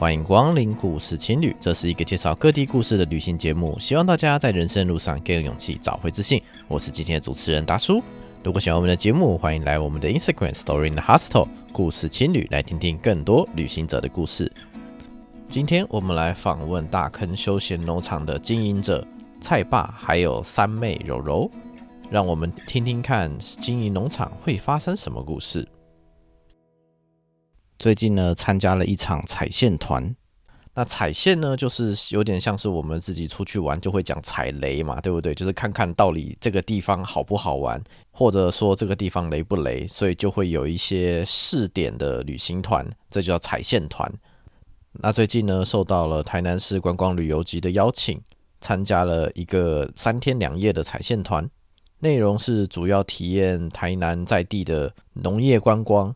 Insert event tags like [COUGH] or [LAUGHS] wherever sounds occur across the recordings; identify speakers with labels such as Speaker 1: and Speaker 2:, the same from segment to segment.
Speaker 1: 歡迎光臨故事青旅，這是一個介紹各地故事的旅行節目。希望大家在人生路上更有勇氣，找回自信。我是今天的主持人大叔。如果喜歡我們的節目，歡迎來我們的 Instagram Story in the Hostel 故事青旅，來聽聽更多旅行者的故事。今天我們來訪問大坑休閒農場的經營者蔡爸，壩還有三妹柔柔，讓我們聽聽看經營農場會發生什麼故事。最近呢，參加了一場踩線團。那踩線呢，就是有點像是我們自己出去玩就會講踩雷嘛，對不對？就是看看到底這個地方好不好玩，或者說這個地方雷不雷，所以就會有一些試點的旅行團，這就叫踩線團。那最近呢，受到了台南市觀光旅遊局的邀請，參加了一個三天兩夜的踩線團，內容是主要體驗台南在地的農業觀光。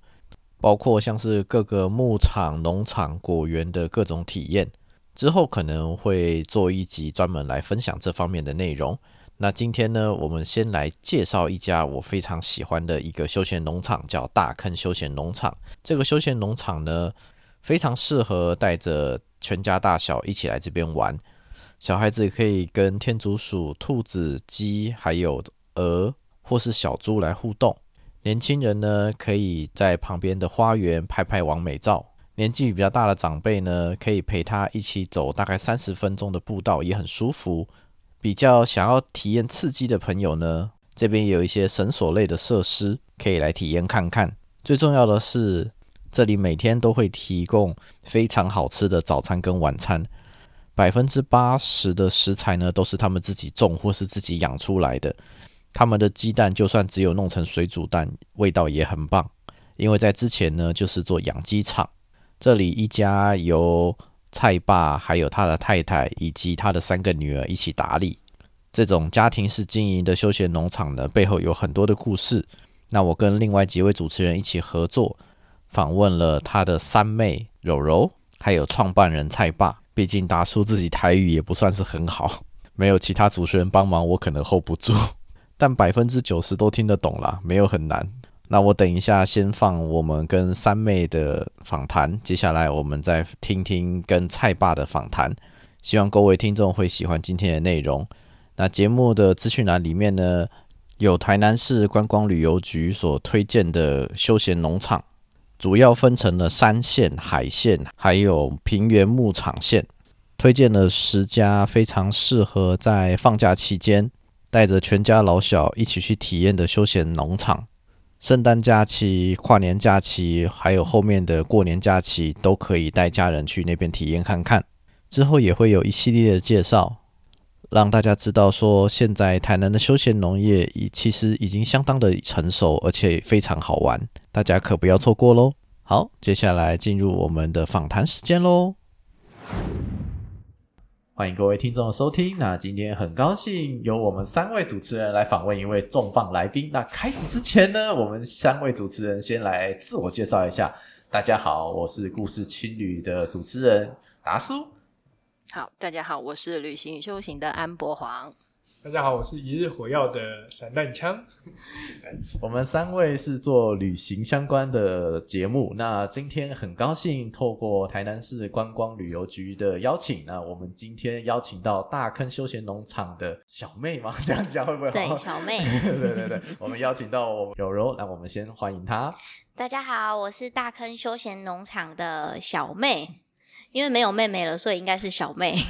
Speaker 1: 包括像是各個牧場、農場、果園的各種體驗，之後可能會做一集專門來分享這方面的內容。那今天呢，我們先來介紹一家我非常喜歡的一個休閒農場，叫大坑休閒農場。這個休閒農場呢，非常適合帶着全家大小一起來這邊玩，小孩子可以跟天竺鼠、兔子、雞，還有鵝或是小豬來互動。年輕人呢，可以在旁邊的花園拍拍網美照，年紀比較大的長輩呢，可以陪他一起走大概三十分鐘的步道，也很舒服。比較想要體驗刺激的朋友呢，這邊有一些繩索類的設施，可以來體驗看看。最重要的是，這裡每天都會提供非常好吃的早餐跟晚餐，百分之八十的食材呢，都是他們自己種或是自己養出來的。他們的雞蛋就算只有弄成水煮蛋，味道也很棒。因為在之前呢，就是做養雞場。這裡一家由蔡爸、還有他的太太以及他的三個女兒一起打理。這種家庭式經營的休閒農場呢，背後有很多的故事。那我跟另外幾位主持人一起合作，訪問了他的三妹柔柔，還有創辦人蔡爸。畢竟達叔自己台語也不算是很好，沒有其他主持人幫忙，我可能 hold 不住。但百分之九十都聽得懂了，沒有很難。那我等一下先放我們跟三妹的訪談，接下來我們再聽聽跟蔡爸的訪談。希望各位聽眾會喜歡今天的內容。那節目的資訊欄裡面呢，有台南市觀光旅遊局所推薦的休閒農場，主要分成了山線、海線，還有平原牧場線，推薦了十家非常適合在放假期間。帶着全家老小一起去體驗的休閒農場，聖誕假期、跨年假期，還有後面的過年假期，都可以帶家人去那邊體驗看看。之後也會有一系列的介紹，讓大家知道說，現在台南的休閒農業已其實已經相當的成熟，而且非常好玩，大家可不要錯過嘍。好，接下來進入我們的訪談時間嘍。歡迎各位聽眾的收聽。那今天很高興由我們三位主持人來訪問一位重磅來賓。那開始之前呢，我們三位主持人先來自我介紹一下。大家好，我是故事青旅的主持人達叔。
Speaker 2: 好，大家好，我是旅行與修行的安博黃。
Speaker 3: 大家好，我是一日火藥的散彈槍。
Speaker 1: [LAUGHS] [LAUGHS] [LAUGHS] 我們三位是做旅行相關的節目，那今天很高興透過台南市觀光旅游局的邀請，那我們今天邀請到大坑休閒農場的小妹嘛， [LAUGHS] 這樣講會不會好？好對，小妹。 [LAUGHS] 對,對對對，我們邀請到我們柔柔， [LAUGHS] 那我們先歡迎她。
Speaker 4: 大家好，我是大坑休閒農場的小妹。因為沒有妹妹了，所以應該是小妹。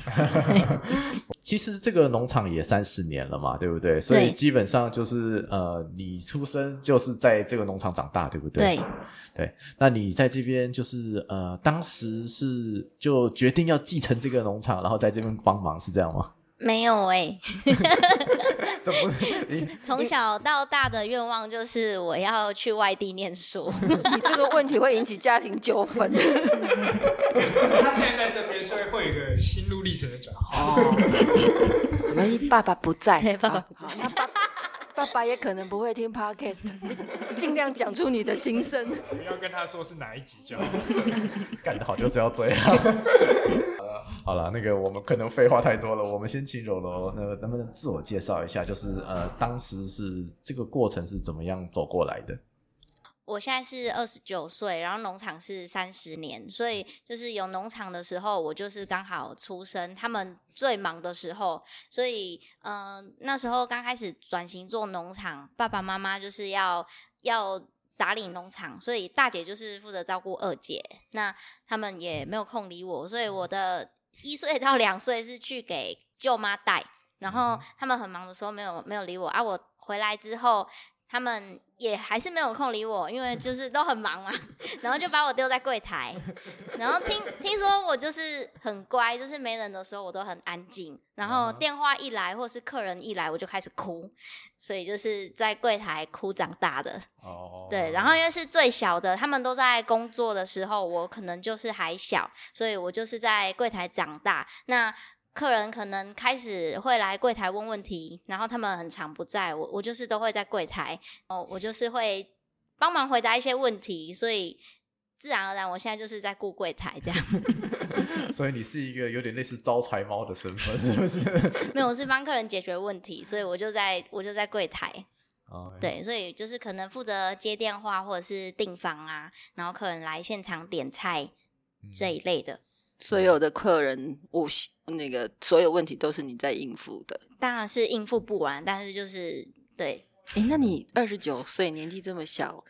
Speaker 1: [LAUGHS] [LAUGHS] 其實這個農場也三十年了嘛，對不對？所以基本上就是呃，你出生就是在這個農場長大，對不對？對，對。那你在這邊就是呃，當時是就決定要繼承這個農場，然後在這邊幫忙，是這樣嗎？嗯沒有哎、欸，
Speaker 4: 從 [LAUGHS] 小到大的願望就是我要去外地念書。 [LAUGHS] [LAUGHS] 你這個問題會引起家庭糾紛。 [LAUGHS]
Speaker 3: 他現在在這邊，所以會有一個心路歷程的轉化。因
Speaker 2: [LAUGHS] 為、哦、 [LAUGHS] 爸爸不在，爸爸不在。 [LAUGHS] 爸爸也可能不會聽 Podcast，盡量講出你的心聲。不要跟
Speaker 3: 他說是哪一集，就 [NOISE] 幹
Speaker 1: [NOISE] [NOISE] 得好，就是要這樣。 [LAUGHS] 呃、好了，那個我們可能廢話太多了，我們先請柔柔。那能不能自我介紹一下？就是呃，當時是這個過程是怎麼樣走過來的？
Speaker 4: 我現在是二十九歲，然後農場是三十年，所以就是有農場的時候，我就是剛好出生，他們最忙的時候，所以嗯、呃，那時候剛開始轉型做農場，爸爸媽媽就是要要打理農場，所以大姐就是負責照顧二姐，那他們也沒有空理我，所以我的一歲到兩歲是去給舅媽帶，然後他們很忙的時候沒有沒有理我啊，我回來之後他們。也還是沒有空理我，因為就是都很忙嘛，啊，然後就把我丟在櫃檯，然後聽聽說我就是很乖，就是沒人的時候我都很安靜，然後電話一來或是客人一來我就開始哭，所以就是在櫃檯哭長大的。哦、Oh，對，然後因為是最小的，他們都在工作的時候，我可能就是還小，所以我就是在櫃檯長大。那。客人可能開始會來櫃檯問問題，然後他們很常不在，我我就是都會在櫃檯，哦，我就是會幫忙回答一些問題，所以自然而然我現在就是在顧櫃檯這樣。
Speaker 1: [LAUGHS] 所以你是一個有點類似招財貓的身份，
Speaker 3: 是不是？ [LAUGHS]
Speaker 4: [LAUGHS] 沒有，我是幫客人解決問題，所以我就在我就在櫃檯。oh,
Speaker 3: yeah. 對，
Speaker 4: 所以就是可能負責接電話或者是訂房啊，然後客人來現場點菜這一類的。嗯
Speaker 2: 所有的客人，我那個所有問題都是你在應付的，當然是應付不完，但是就是對。哎、欸，那你二十九歲年紀這麼小，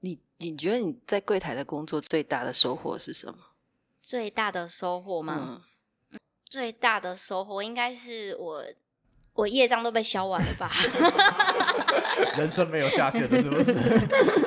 Speaker 2: 你你覺得你在櫃臺的工作最大的收穫是什麼？
Speaker 4: 最大的收穫嗎、嗯？最大的收穫應該是我我業障都被消完了吧？
Speaker 1: [LAUGHS] [LAUGHS] 人生沒有下限的，是不是？ [LAUGHS]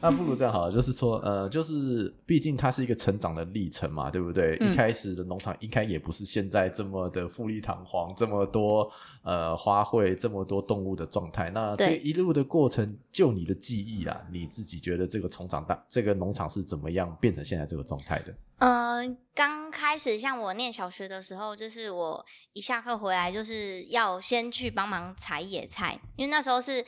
Speaker 1: 那不如這樣好了、嗯，就是說，呃，就是畢竟它是一個成長的歷程嘛，對不對？嗯、一開始的農場應該也不是現在這麼的富麗堂皇，這麼多呃花卉、這麼多動物的狀態。那這一路的過程，就你的記憶啦，你自己覺得這個從長大這個農場是怎麼樣變成現在這個狀態的？嗯、
Speaker 4: 呃，剛開始像我念小學的時候，就是我一下課回來就是要先去幫忙採野菜，因為那時候是。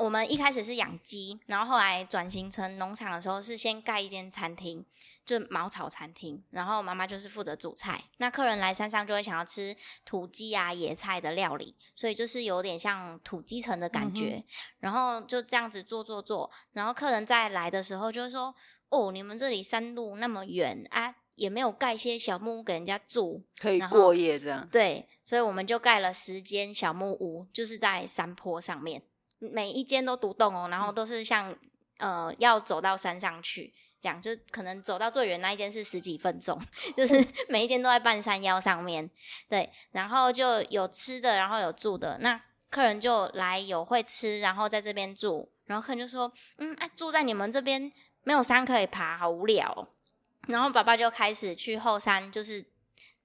Speaker 4: 我們一開始是養雞，然後後來轉型成農場的時候，是先蓋一間餐廳，就茅草餐廳。然後媽媽就是負責煮菜。那客人來山上就會想要吃土雞啊、野菜的料理，所以就是有點像土雞城的感覺。嗯、然後就這樣子做做做。然後客人再來的時候就會說：“哦，你們這裡山路那麼遠啊，也沒有蓋一些小木屋給人家住，可以過夜這樣。”對，所以我們就蓋了十間小木屋，就是在山坡上面。每一間都獨棟哦，然後都是像呃要走到山上去，這樣就可能走到最遠那一間是十幾分鐘，就是每一間都在半山腰上面，對，然後就有吃的，然後有住的，那客人就來有會吃，然後在這邊住，然後客人就說，嗯，哎，住在你們這邊沒有山可以爬，好無聊，然後爸爸就開始去後山，就是。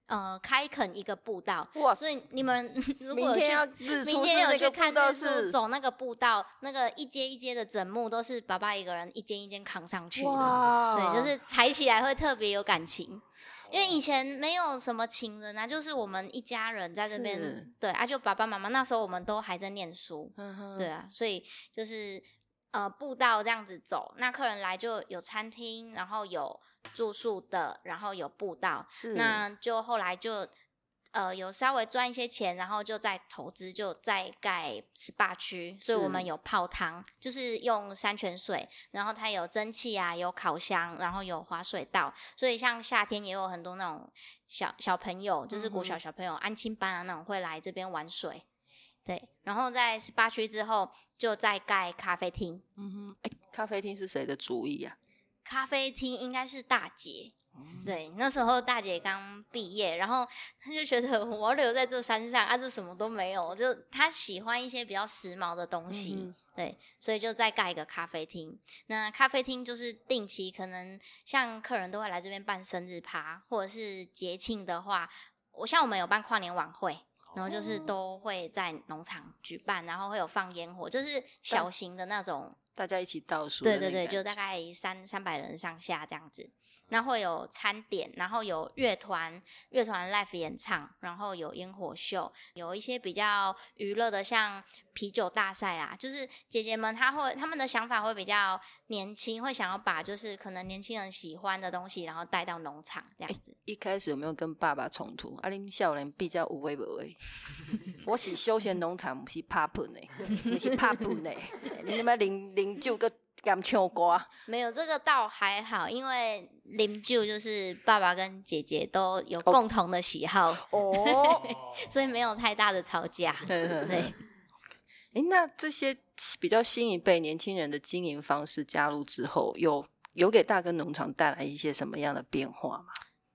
Speaker 4: 呃，開墾一個步道哇，所以你們如果去明，明天有去看，就是走那個步道，那個一階一階的枕木都是爸爸一個人一間一間扛上去的，對，就是踩起來會特別有感情，因為以前沒有什麼情人啊，就是我們一家人在這邊，對啊，就爸爸媽媽那時候我們都還在念書，嗯、對啊，所以就是。呃步道這樣子走，那客人來就有餐廳，然後有住宿的，然後有步道，是，那就後來就，呃有稍微賺一些錢，然後就再投資，就再蓋 SPA 區，所以我們有泡湯，就是用山泉水，然後它有蒸汽啊，有烤箱，然後有滑水道，所以像夏天也有很多那種小小朋友，就是國小小朋友、嗯、安親班啊那種會來這邊玩水。對，然後在 Spa 區之後，就再蓋咖啡廳。嗯哼，哎、欸，咖啡廳是誰的主意啊？咖啡廳應該是大姐、嗯。對，那時候大姐剛畢業，然後她就覺得我要留在這山上，啊，這什麼都沒有，就她喜歡一些比較時髦的東西。嗯、對，所以就再蓋一個咖啡廳。那咖啡廳就是定期，可能像客人都會來這邊辦生日趴，或者是節慶的話，我像我們有辦跨年晚會。然後就是都會在農場舉辦，然後會有放煙火，就是小型的那種，大家一起倒數，對對對，就大概三三百人上下這樣子。那會有餐點，然後有樂團樂團 live 演唱，然後有煙火秀，有一些比較娛樂的，像。啤酒大賽啦，就是姐姐們她，她會他們的想法會比較年輕，會想要把就是可能年輕人喜歡的東西，然後帶到農場這樣子、欸。
Speaker 2: 一開始有沒有跟爸爸衝突？阿林小林比較無畏不畏， [LAUGHS] 我是休閒農場，唔喜怕 o p 呢，喜 p o 你那邊林林九個敢唱歌？
Speaker 4: 沒有這個倒還好，因為喝酒就是爸爸跟姐姐都有共同的喜好哦， [LAUGHS] 所以沒有太大的吵架， [LAUGHS] [LAUGHS] [LAUGHS] [LAUGHS] [LAUGHS] 對。
Speaker 2: 哎，那這些比較新一輩年輕人的經營方式加入之後，有有給大坑農場帶來一些什麼樣的變化嗎？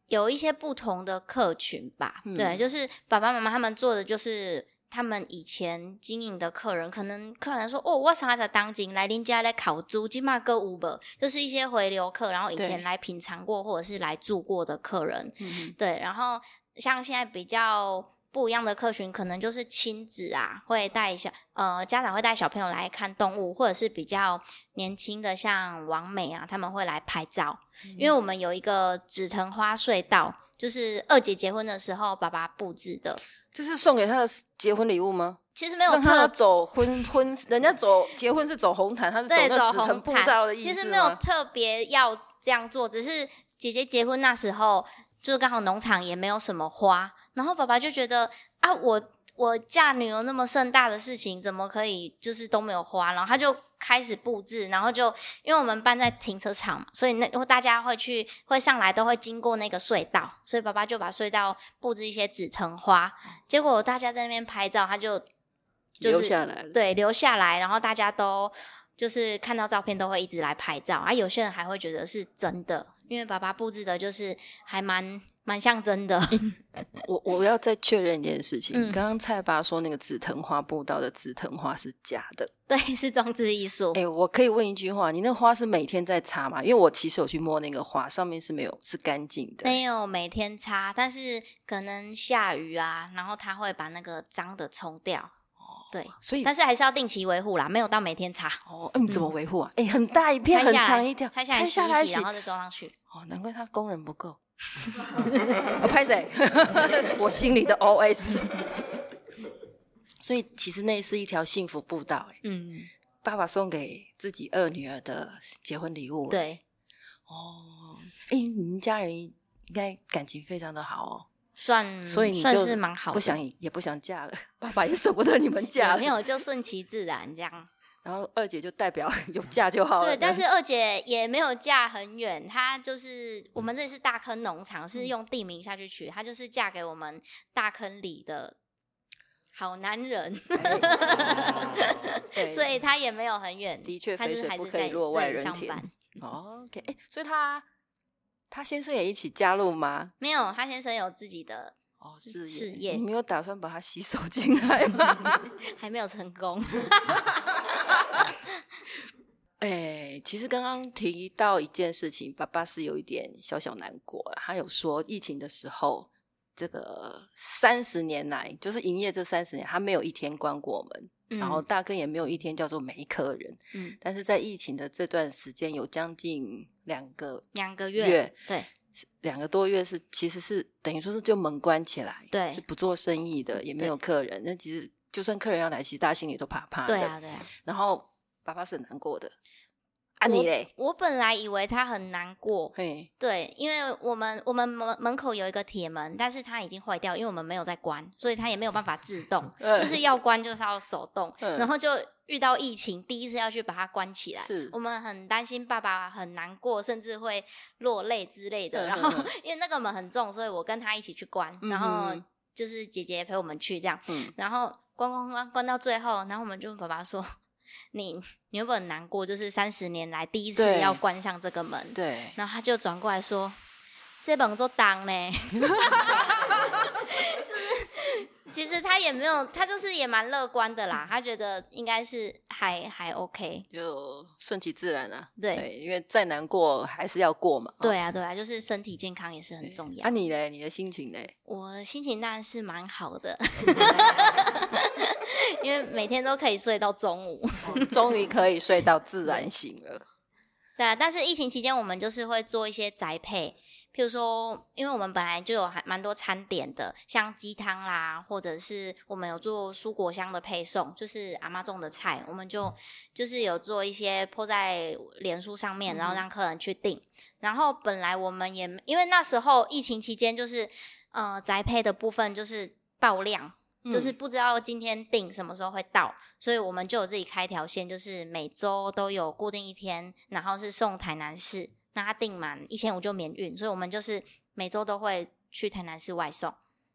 Speaker 4: 有一些不同的客群吧、嗯，對，就是爸爸媽媽他們做的就是他們以前經營的客人，可能客人說哦，我上次當今來您家來烤豬，今嘛個 Uber，就是一些回流客，然後以前來品嘗過或者是來住過的客人，嗯、對，然後像現在比較。不一樣的客群可能就是親子啊，會帶小呃家長會帶小朋友來看動物，或者是比較年輕的像網美啊，他們會來拍照。嗯。因為我們有一個紫藤花隧道，就是二姐結婚的時候爸爸布置的。這是送給他的結婚禮物嗎？其實沒有特。特他的
Speaker 2: 走婚婚，人家走結婚是走紅毯，他是走那紫藤步道的意思。其實沒有
Speaker 4: 特別要這樣做，只是姐姐結婚那時候，就是剛好農場也沒有什麼花。然後爸爸就覺得啊，我我嫁女兒那麼盛大的事情，怎麼可以就是都沒有花？然後他就開始佈置，然後就因為我們辦在停車場嘛，所以那大家會去會上來都會經過那個隧道，所以爸爸就把隧道佈置一些紫藤花。結果大家在那邊拍照，他就、就
Speaker 5: 是、留下來了，對
Speaker 4: 留下來。然後大家都就是看到照片都會一直來拍照啊，有些人還會覺得是真的，因為爸爸布置的就是還蠻。蠻像真的，
Speaker 2: [LAUGHS] 我我要再確認一件事情。剛、嗯、剛蔡爸說那個紫藤花步道的紫藤花是假的，對，是裝置藝術。哎、欸，我可以問一句話，你那花是每天在擦嗎？因為我其實有去摸那個花上面是沒有是乾淨的，
Speaker 4: 沒有每天擦，但是可能下雨啊，然後它會把那個髒的沖掉、哦。對，所以但是還是要定期維護啦，沒有到每天擦。哦，欸
Speaker 2: 你啊、嗯，怎麼維護啊？哎，
Speaker 4: 很大一片，很長一條，拆下，下，下來洗，然後再
Speaker 2: 裝上去。哦，難怪他工人不夠。我拍誰？我心裡的 OS。 [LAUGHS] 所以其實那是一條幸福步道、欸，
Speaker 4: 嗯，
Speaker 2: 爸爸送給自己二女兒的結婚禮物。對，哦，哎、欸，你們家人應該感情非常的好哦，
Speaker 4: 算，所以你就算是蠻好，不想
Speaker 2: 也不想嫁了，爸爸也舍不得你們嫁了， [LAUGHS]
Speaker 4: 有沒有就順其自然這樣。然後二姐就代表有嫁就好了。對，但是二姐也沒有嫁很遠，她就是我們這裡是大坑農場、嗯，是用地名下去取，她就是嫁給我們大坑裡的好男人，哎 [LAUGHS] 哎、所以她也沒有很遠。他就是還是的確，肥水不可以落外人田在上班、嗯、OK、欸、所以她
Speaker 2: 她先生也一起加入嗎？
Speaker 4: 沒有，他先生有自己的。事、哦、業，
Speaker 2: 你沒有打算把它吸收進
Speaker 4: 來嗎？ [LAUGHS] 還沒有成功 [LAUGHS] 。
Speaker 2: 哎、 [LAUGHS] 欸，其實剛剛提到一件事情，爸爸是有一點小小難過。他有說，疫情的時候，這個三十年來，就是營業這三十年，他沒有一天關過門、嗯，然後大概也沒有一天叫做沒客人。嗯，但是在疫情的這段時間，有將近
Speaker 4: 兩個兩個月，對。
Speaker 2: 兩個多月是，其實是等於說是就門關起來，對，是不做生意的，也沒有客人。那其實就算客人要來，其實大家心裡都怕怕的。對啊，對啊。然後爸爸是很難過的。阿、啊、你嘞？
Speaker 4: 我本來以為他很難過。嘿。對，因為我們我們門門口有一個鐵門，但是他已經壞掉，因為我們沒有在關，所以他也沒有辦法自動、嗯，就是要關就是要手動，嗯、然後就。遇到疫情，第一次要去把它關起來，是我們很擔心爸爸很難過，甚至會落淚之類的。呵呵呵然後因為那個門很重，所以我跟他一起去關，嗯、然後就是姐姐陪我們去這樣。嗯、然後關關關關到最後，然後我們就問爸爸說：“你你有沒有很難過？就是三十年來第一次要關上這個門。”對，然後他就轉過來說：“這本做當呢。 [LAUGHS] ” [LAUGHS] 其實他也沒有，他就是也蠻樂觀的啦。他覺得應該是還還 OK，就順其自然啦、啊。對，因為再
Speaker 2: 難過還是要過嘛。對啊，對
Speaker 4: 啊，就是身體健康也是很重要。那、啊、你
Speaker 2: 呢？你的心情呢？
Speaker 4: 我心情當然是蠻好的， [LAUGHS] [LAUGHS] 因為每天都可以睡到中午，終 [LAUGHS] 於可以
Speaker 2: 睡到自然醒了。
Speaker 4: 對啊，但是疫情期間我們就是會做一些宅配。就是說，因為我們本來就有還蠻多餐點的，像雞湯啦，或者是我們有做蔬果箱的配送，就是阿媽種的菜，我們就就是有做一些 po 在臉書上面，然後讓客人去訂、嗯。然後本來我們也因為那時候疫情期間，就是呃宅配的部分就是爆量，嗯、就是不知道今天訂什麼時候會到，所以我們就有自己開一條線，就是每周都有固定一天，然後是送台南市。拉訂滿一千五就免運，所以我們就是每周都會去台南市外送。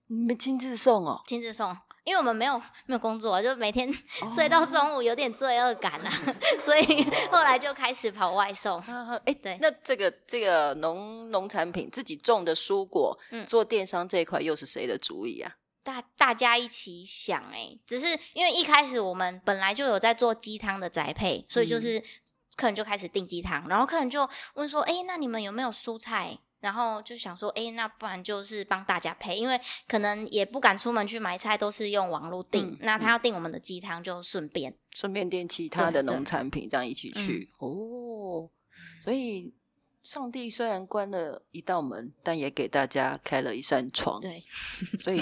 Speaker 4: 你們親自送哦？親自送，因為我們沒有沒有工作、啊，就每天睡到中午有點罪惡感啊。Oh. [LAUGHS] 所以後來就開始跑外送。哎、oh. oh. oh. oh. oh.
Speaker 2: oh.，對、欸，那這個這個農農產品自己種的蔬果，嗯，做電商這一塊又是誰的主意啊？
Speaker 4: 大大家一起想哎、欸，只是因為一開始我們本來就有在做雞湯的宅配，所以就是。嗯客人就開始訂雞湯，然後客人就問說：“哎、欸，那你們有沒有蔬菜？”然後就想說：“哎、欸，那不然就是幫大家配，因為可能也不敢出門去買菜，都是用網絡訂，嗯嗯。那他要訂我們的雞湯，就順便順便訂其他的農
Speaker 2: 產品，這樣一起去
Speaker 4: 哦。所以，
Speaker 2: 上帝雖然關了一道門，但也給大家開了一扇窗。對， [LAUGHS] 所以，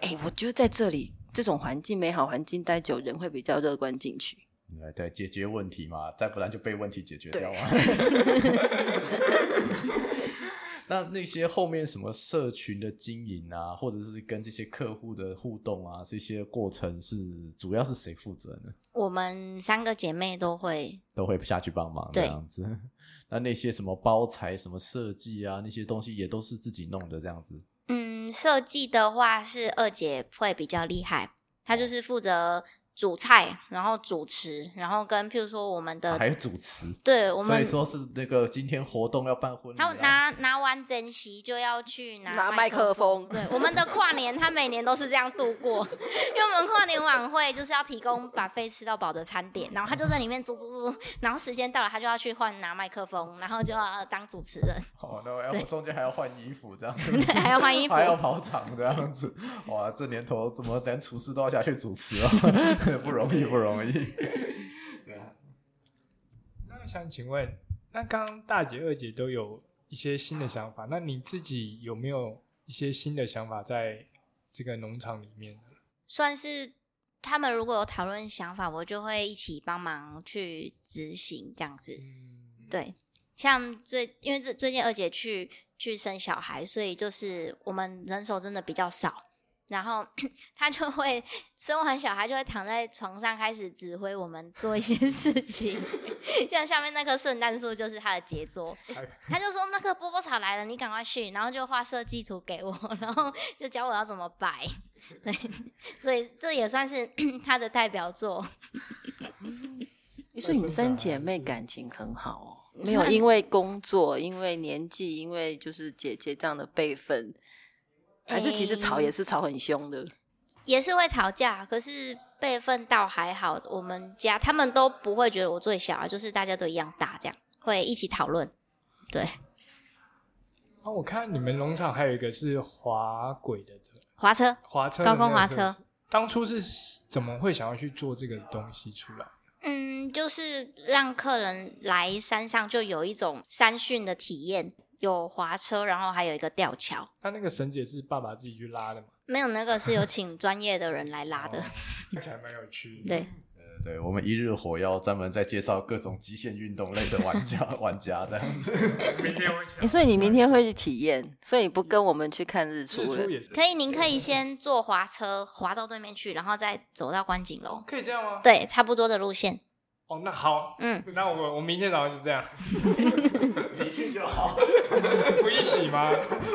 Speaker 2: 哎、欸，我覺得在這裡，這種環境美好環境待久，人會比較樂觀進去。
Speaker 1: 對，對，解決問題嘛，再不然就被問題解決掉啊。 [LAUGHS] [LAUGHS] 那那些後面什麼社群的經營啊，或者是跟這些客戶的互動啊，這些過程是主要是誰負責呢？
Speaker 4: 我們三個姐妹都會，
Speaker 1: 都會下去幫忙這樣子。那那些什麼包材、什麼設計啊，那些東西也都是自己弄的這樣子。
Speaker 4: 嗯，設計的話是二姐會比較厲害，她、嗯、就是負責。主菜，然後主持，然後跟譬如說我們的還有主
Speaker 3: 持，對我們所以說
Speaker 1: 是那個今天活動要辦婚禮、啊，他
Speaker 4: 拿拿完整席就要去拿麥克風，克風對， [LAUGHS] 我們的跨年他每年都是這樣度過， [LAUGHS] 因為我們跨年晚會就是要提供 buffet 吃到飽的餐點，然後他就在裡面煮煮煮，然後時間到了他就要去換拿麥克風，然後就要當主持
Speaker 1: 人，哦、oh, no，那我中間還要換衣服這樣是是， [LAUGHS] 對，還要換衣服，還要跑場這樣子，哇，這年頭怎麼連廚師都要下去主持啊？ [LAUGHS] [LAUGHS] 不，容易 [LAUGHS] 不容易，
Speaker 3: 不容易。對啊，那我想請問，那剛大姐、二姐都有一些新的想法、啊，那你自己有沒有一些新的想法在這個農場裡面？
Speaker 4: 算是他們如果有討論想法，我就會一起幫忙去執行這樣子。嗯、對，像最因為這最近二姐去去生小孩，所以就是我們人手真的比較少。然後他就會生完小孩，就會躺在床上開始指揮我們做一些事情。像 [LAUGHS] 下面那棵聖誕樹就是他的傑作，他就說：“那棵波波草來了，你趕快去。”然後就畫設計圖給我，然後就教我要怎麼擺。對，所以這也算是他的代表作。
Speaker 2: 你說你們三姐妹感情很好哦？ [LAUGHS] 沒有因為工作，因為年紀，因為就是姐姐這樣的輩分。
Speaker 4: 還是其實吵也是
Speaker 2: 吵很兇的，嗯，
Speaker 4: 也是會吵架。可是輩分倒還好，我們家他們都不會覺得我最小啊，就是大家都一樣大，這樣會一起討論。對。
Speaker 3: 啊，我看你們農場還有一個是滑軌的車，滑車、滑車、高空滑車。當初是怎麼會想要去做這個東西出來？嗯，
Speaker 4: 就是讓客人來山上就有一種山訓的體驗。有滑車，然後還有一個吊橋。他、
Speaker 3: 啊、那個繩子是爸爸自己去拉的嗎？沒有，那個是有
Speaker 4: 請專業的人來拉的。
Speaker 3: [LAUGHS] 哦、看起來蠻有趣的 [LAUGHS] 對。對，對，
Speaker 1: 對，我們一日火藥專門在介紹各種極限運動類的玩家， [LAUGHS] 玩家這樣子。
Speaker 2: 明天會。所以你明天會去體驗，所以你不跟我們去看日出了？出
Speaker 3: 可以，
Speaker 4: 您可以先坐滑車滑到對面去，然後再走到觀景樓。可以這樣嗎？對，差不多的路線。
Speaker 3: 哦，那好，嗯，那我我明天早上就這樣， [LAUGHS] 你去就好， [LAUGHS] 不一起嗎？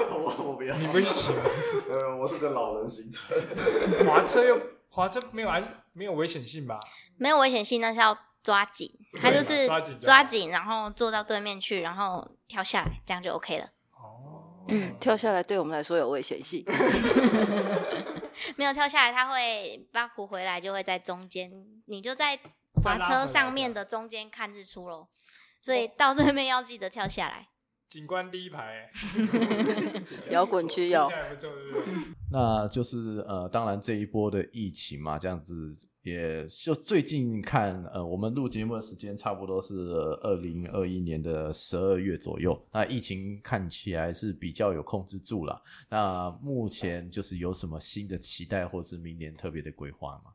Speaker 3: 我我不要，你不一起嗎？嗯， [LAUGHS] 我是個老人。行，行 [LAUGHS] 車滑車又滑車，沒有安沒有危險性吧？
Speaker 4: 沒有危險性，那是要抓緊，他就是抓緊，抓緊，然後坐到對面去，然後跳下來，這樣就 OK 了。哦，
Speaker 2: 嗯，跳下來對我們來說有危險性，
Speaker 4: [LAUGHS] 沒有跳下來他會 back 回來，就會在中間，你就在。把車上面的中間看日出嘍，所以到這邊要記得跳下來。景
Speaker 3: 觀第一排，搖滾區有。
Speaker 1: 那就是呃，當然這一波的疫情嘛，這樣子也就最近看呃，我們錄節目的時間差不多是二零二一年的十二月左右，那疫情看起來是比較有控制住了。那目前就是有什麼新的期待，或是明年特別的規劃嗎？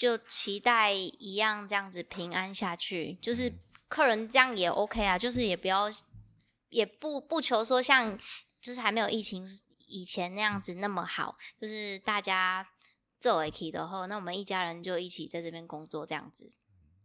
Speaker 4: 就期待一樣這樣子平安下去，就是客人這樣也 OK 啊，就是也不要，也不不求說像就是還沒有疫情以前那樣子那麼好，就是大家作為可以的話，那我們一家人就一起在這邊工作這樣子，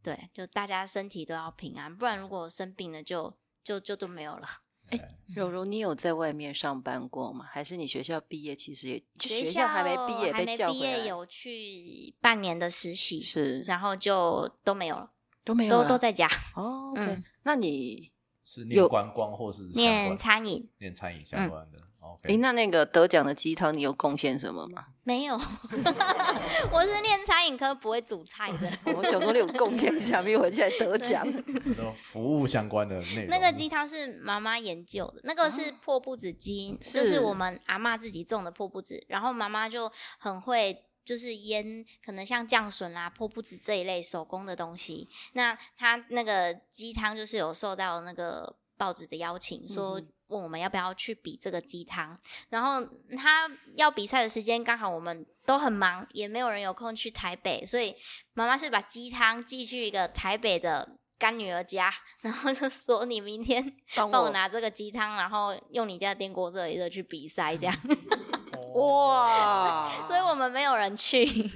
Speaker 4: 對，就大家身體都要平安，不然如果生病了就就就都沒有了。
Speaker 2: 哎、欸嗯，柔柔，你有在外面上班過嗎？還是你學校
Speaker 4: 畢業？其實也，學校，學校還沒畢業，還沒畢業被叫回來，還沒畢業有去半年的實習，是，然後就都沒有了，都沒有，都都在家。哦，okay、嗯，那你
Speaker 1: 是念觀光，或是念餐飲，念餐飲相關的？嗯哎、
Speaker 4: okay，那那個得
Speaker 2: 獎的雞湯，你有貢獻什麼嗎？
Speaker 4: 沒有， [LAUGHS] 我是念餐飲科，不會煮菜的。 [LAUGHS] 我小時候有貢獻，想必我就來得獎
Speaker 2: [LAUGHS] 。
Speaker 1: 服務相關的那
Speaker 4: 個雞湯是媽媽研究的，那個是破布子雞，啊、就是我們阿媽自己種的破布子。然後媽媽就很會，就是醃，可能像醬筍啦、啊、破布子這一類手工的東西。那他那個雞湯就是有受到那個報紙的邀請，嗯、說。問我們要不要去比這個雞湯，然後他要比賽的時間剛好，我們都很忙，也沒有人有空去台北，所以媽媽是把雞湯寄去一個台北的乾女兒家，然後就說你明天幫我，我拿這個雞湯，然後用你家電鍋熱一熱去比賽，這樣哇， [LAUGHS] 所以我們沒有人去。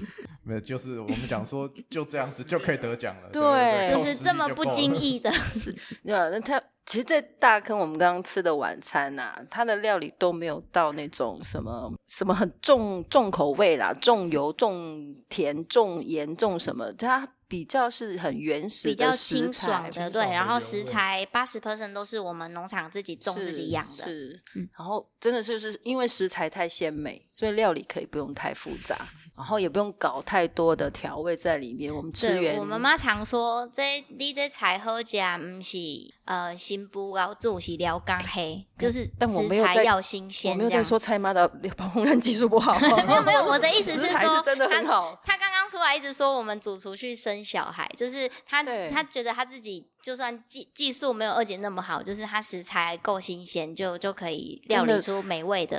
Speaker 1: 就是我們講說就這樣子就可以得獎了。 [LAUGHS] 對、對、對，就是這麼不經意
Speaker 4: 的 [LAUGHS] 那他其
Speaker 2: 實這大坑我們剛剛吃的晚餐吶、啊，它的料理都沒有到那種什麼什麼很重重口味啦，重油、重甜、重鹽、重什麼，它比較是很原始的、比較清爽的、清爽的。對，然後食材
Speaker 4: 八十 percent 都是我們農場自己種、自己養的。是，是嗯、然後真的就是因為食材
Speaker 2: 太鮮美，所以料理可以不用太複雜。然後也不用搞太多的調味在裡面。我們吃援。我媽媽
Speaker 4: 常說，這你這菜好食，不是呃新布勞做，煮是聊剛黑，就是食材要新，但要新鮮。我沒有在說蔡媽的烹
Speaker 2: 飪技術不好。 [LAUGHS] 這樣 [LAUGHS] 沒有 [LAUGHS] 沒有，我的意思是說，是真的很好，
Speaker 4: 他他剛剛出來一直說我們主廚去生小孩，就是她他，他覺得他自己就算技技術沒有二姐那麼好，就是她食材夠新鮮，就就可以料理出美味的、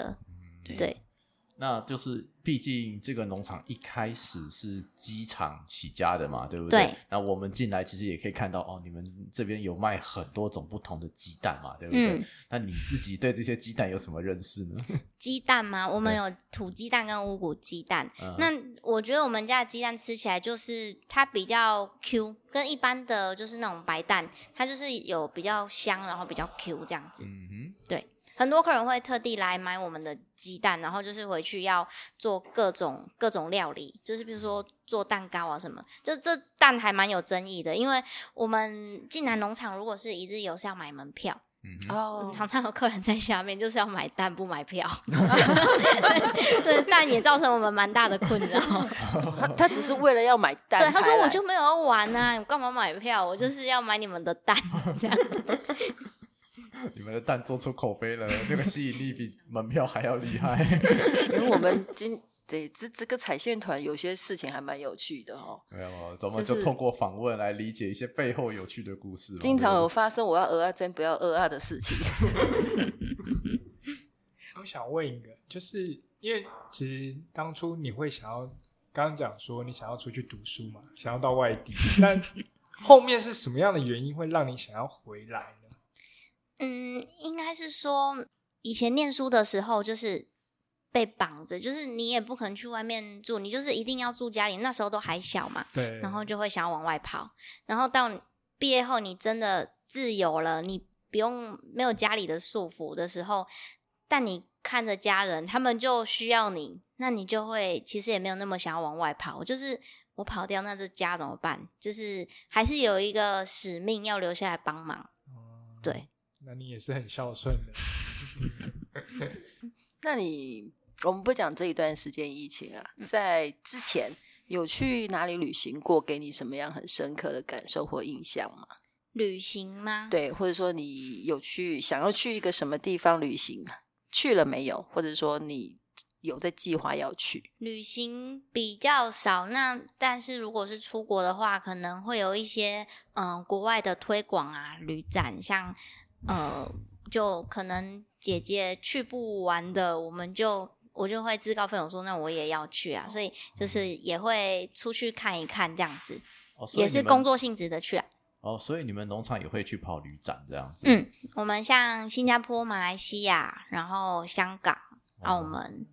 Speaker 4: 的對。對
Speaker 1: 那就是，畢竟這個農場一開始是雞場起家的嘛，對不對，對？那我們進來其實也可以看到，哦，你們這邊有賣很多種不同的雞蛋嘛，對不對？嗯、那你自己對這些雞蛋有什麼認識呢？
Speaker 4: 雞蛋嗎？我們有土雞蛋跟五穀雞蛋。那我覺得我們家的雞蛋吃起來就是它比較 Q，跟一般的就是那種白蛋，它就是有比較香，然後比較 Q 這樣子。嗯哼，對，很多客人會特地來買我們的。雞蛋，然後就是回去要做各種各種料理，就是比如說做蛋糕啊什麼，就是這蛋還蠻有爭議的，因為我們晉南農場如果是一日遊是要買門票，嗯，常常有客人在下面就是要買蛋不買票， [LAUGHS] [LAUGHS] 對，蛋也造成我們蠻大的困擾。 [LAUGHS] 他只是為了要買蛋，對，他說我就沒有要玩啊，你幹嘛買票？我就是要買你們的蛋，這樣。 [LAUGHS]
Speaker 1: 你們的蛋做出口碑了，那個吸引力比門票還要厲害。
Speaker 2: [LAUGHS] [LAUGHS] 因為我們今對、欸、這個、這個彩線團有些事情還蠻有趣的哦。沒有、
Speaker 1: 哦，怎麼就通過訪問來理解一些背後有趣的故事、就是？經常有
Speaker 2: 發生我要訛阿珍不要訛、呃、阿、啊、的事情。
Speaker 3: [LAUGHS] [LAUGHS] 我想問一個，就是因為其實當初你會想要剛剛講說你想要出去讀書嘛，想要到外地，但後面是什麼樣的原因會讓你想要回來？
Speaker 4: 嗯，應該是說以前念書的時候就是被綁着，就是你也不可能去外面住，你就是一定要住家裡。那時候都還小嘛，對。然後就會想要往外跑，然後到畢業後你真的自由了，你不用沒有家裡的束縛的時候，但你看着家人，他們就需要你，那你就會其實也沒有那麼想要往外跑。就是我跑掉，那這家怎麼辦？就是還是有一個使命要留下來幫忙，嗯，
Speaker 3: 對。那你也是很孝順的 [LAUGHS] 。
Speaker 4: [LAUGHS] 那你，
Speaker 2: 我們不講這一段時間疫情啊，在之前有去哪裡旅行過？給你什麼樣很深刻的感受或印象嗎？
Speaker 4: 旅行嗎？對，
Speaker 2: 或者說你有去想要去一個什麼地方旅行？去了沒有？或者說你有在計劃要去？
Speaker 4: 旅行比較少，那但是如果是出國的話，可能會有一些嗯國外的推廣啊旅展像。呃，就可能姐姐去不完的，我們就，我就會自告奮勇說，那我也要去啊，哦，所以就是也會出去看一看這樣子，哦，所
Speaker 1: 以，也是工作
Speaker 4: 性質的去啊。
Speaker 1: 哦，所以你們農場也會去跑旅展這樣
Speaker 4: 子。嗯，我們像新加坡、馬來西亞，然後香港、澳門，哦，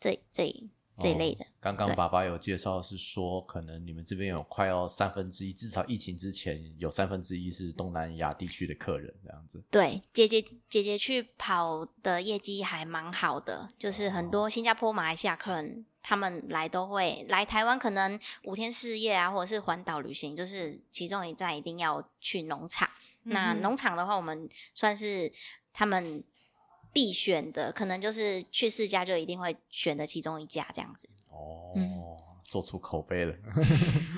Speaker 4: 這裡，這裡。這一類的，
Speaker 1: 剛剛爸爸有介紹是說，可能你們這邊有快要三分之一，至少疫情之前有三分之一是東南亞地區的客人這樣
Speaker 4: 子。對，姐姐姐姐去跑的業績還蠻好的，就是很多新加坡、馬來西亞客人，哦，他們來都會來台灣，可能五天四夜啊，或者是環島旅行，就是其中一站一定要去農場。嗯、那農場的話，我們算是他們。必選的，可能就是去四家就一定會選的其中一家這樣子。哦，
Speaker 1: 嗯、做出口碑了。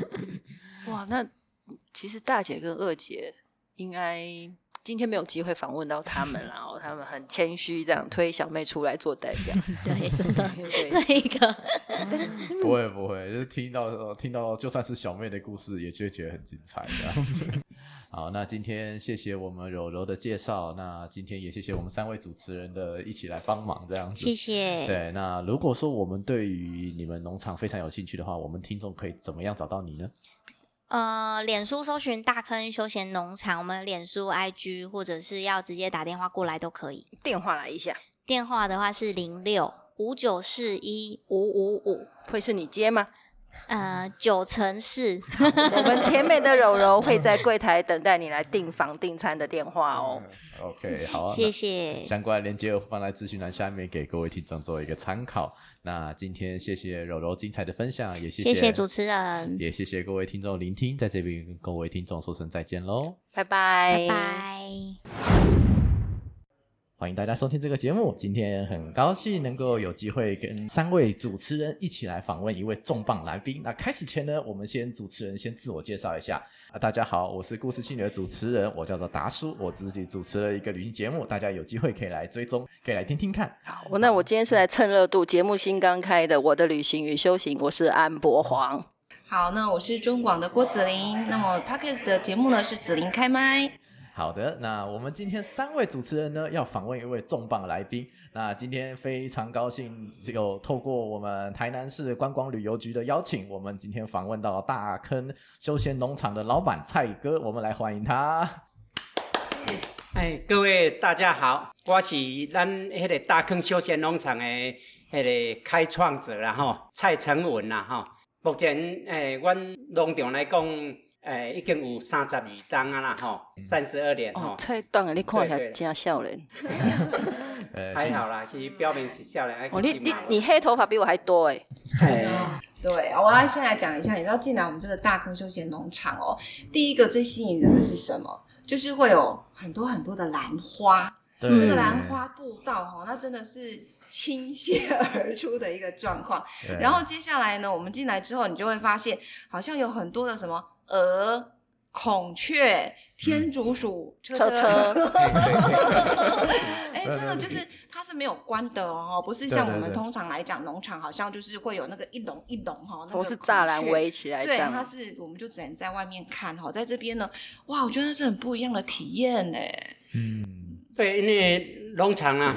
Speaker 2: [LAUGHS] 哇，那其實大姐跟二姐應該。今天沒有機會訪問到他們，喔，然 [LAUGHS] 後他們很謙虛，這樣推小妹出來做代表。 [LAUGHS] 對，真 [LAUGHS] 那一個
Speaker 1: [LAUGHS] 不會不會，就是聽到，聽到就算是小妹的故事，也就會覺得很精彩的樣子這。 [LAUGHS] 好，那今天謝謝我們柔柔的介紹，那今天也謝謝我們三位主持人的一起來幫忙這樣子。謝謝。對，那如果說我們對於你們農場非常有興趣的話，我們聽眾可以怎麼樣找到你呢？
Speaker 4: 呃，臉書搜尋大坑休閒農場，我們臉書 IG 或者是要直接打電話過來都可以。電話來一下，電話的話是零六五九四一五五五，會是你接嗎？呃，九成是。 [LAUGHS]
Speaker 2: 我們甜美的柔柔會在櫃台等待你來訂房訂餐的電話哦。嗯、
Speaker 1: OK，好、啊，謝謝。相關鏈接我放在資訊欄下面，給各位聽眾做一個參考。那今天謝謝柔柔精彩的分享，也謝謝,謝謝主
Speaker 4: 持人，也
Speaker 1: 謝謝各位聽眾聆聽，在這邊跟各位聽眾說聲再見嘍，拜
Speaker 4: 拜拜拜。Bye bye
Speaker 1: 歡迎大家收聽這個節目。今天很高興能夠有機會跟三位主持人一起來訪問一位重磅來賓。那開始前呢，我們先主持人先自我介紹一下啊。大家好，我是故事青旅的主持人，我叫做達叔，我自己主持了一個旅行節目，大家有機會可以來追蹤，可以來聽聽看。
Speaker 2: 好，那我今天是來趁熱度，節目新剛開的《我的旅行與修行》，我是安博黃。
Speaker 6: 好，那我是中廣的郭子琳。那麼 Podcast 的節目呢是子琳開麥。
Speaker 1: 好的，那我們今天三位主持人呢，要訪問一位重磅來賓。那今天非常高興，就透過我們台南市觀光旅遊局的邀請，我們今天訪問到大坑休閒農場的老板蔡哥，我們來歡迎他。
Speaker 5: 哎，各位大家好，我是咱迄個大坑休閒農場的那個開創者啦，哈，蔡成文啦，哈。目前哎，阮農場來講。呃、欸、已經有三十二張啊啦，吼，三十二年吼。哦，太棒了、 [LAUGHS] 哦、啊，你看一下，
Speaker 2: 真笑人。
Speaker 5: 還好啦其實標明是笑人。我你你
Speaker 2: 你黑頭髮比我還多哎、欸。
Speaker 6: 對，啊我要先來講一下，你知道進來我們這個大坑休閒農場哦、喔，第一個最吸引人的是什麼？就是會有很多很多的蘭花，
Speaker 1: 對，蘭、那個、花
Speaker 6: 步道吼、喔，那真的是傾瀉而出的一個狀況。然後接下來呢，我們進來之後，你就會發現，好像有很多的什麼。鵝、孔雀、天竺鼠，嗯、車車。哎、 [LAUGHS] [LAUGHS] 欸，真的就是它是沒有關的哦，不是像我們通常來講，農場好像就是會有那個一籠一籠哈、哦那個，都是柵欄圍起來。對，它是我們就只能在外面看哈、哦，在這邊呢，哇，我覺得是很不一樣的體驗呢、欸。嗯，
Speaker 5: 對，因為農場啊，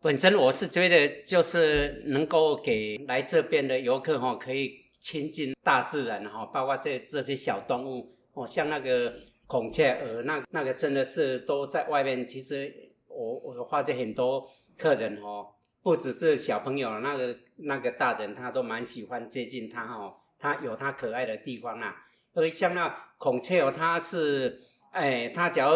Speaker 5: 本身我是覺得就是能夠給來這邊的遊客哈、哦，可以。親近大自然哈，包括這這些小動物哦，像那個孔雀鵝，那那個真的是都在外面。其實我我發現很多客人哦，不只是小朋友，那個那個大人他都蠻喜歡接近它哈。它有它可愛的地方啊。而像那孔雀哦，它是誒、哎、它只要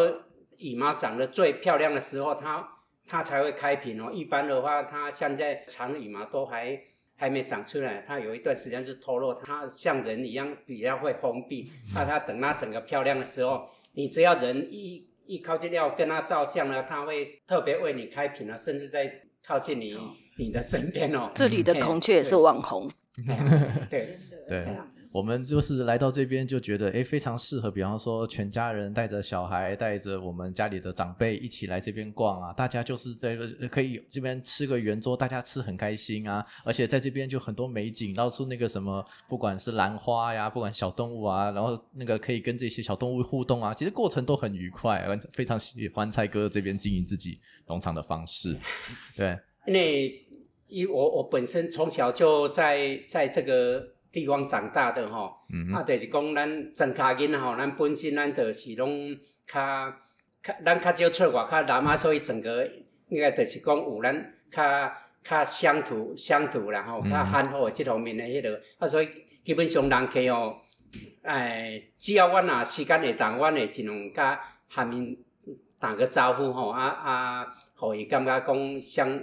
Speaker 5: 羽毛長得最漂亮的時候，它它才會開屏哦。一般的話，它現在長羽毛都還。還沒長出來，它有一段時間是脫落，它像人一樣比較會封閉。 [LAUGHS] 那它等它整個漂亮的時候，你只要人一一靠近要跟它照相呢，它會特別為你開屏了，甚至在靠近你、哦、你的身邊哦。這裡的孔
Speaker 2: 雀也是網紅。對、嗯、對。 [LAUGHS] 對對
Speaker 1: 對對對我們就是來到這邊，就覺得哎、欸，非常適合。比方說，全家人帶着小孩，帶着我們家裡的長輩一起來這邊逛啊，大家就是在可以這邊吃個圓桌，大家吃很開心啊。而且在這邊就很多美景，到處那個什麼，不管是蘭花呀，不管小動物啊，然後那個可以跟這些小動物互動啊，其實過程都很愉快，非常喜歡蔡哥這邊經營自己農場的方式。對，
Speaker 5: 因 [LAUGHS] 為因為我我本身從小就在在這個。地方長大的吼，嗯、啊，就是講咱全家囝仔吼，咱本身咱就是攏較較，咱較，較少出外口，難啊、嗯，所以整個應該就是講有咱較較鄉土鄉土然後、嗯、較憨厚誒即方面誒迄落啊，所以基本上人客吼，哎，只要我若時間會當，我會盡量甲下面打個招呼吼，啊啊，互伊感覺講相。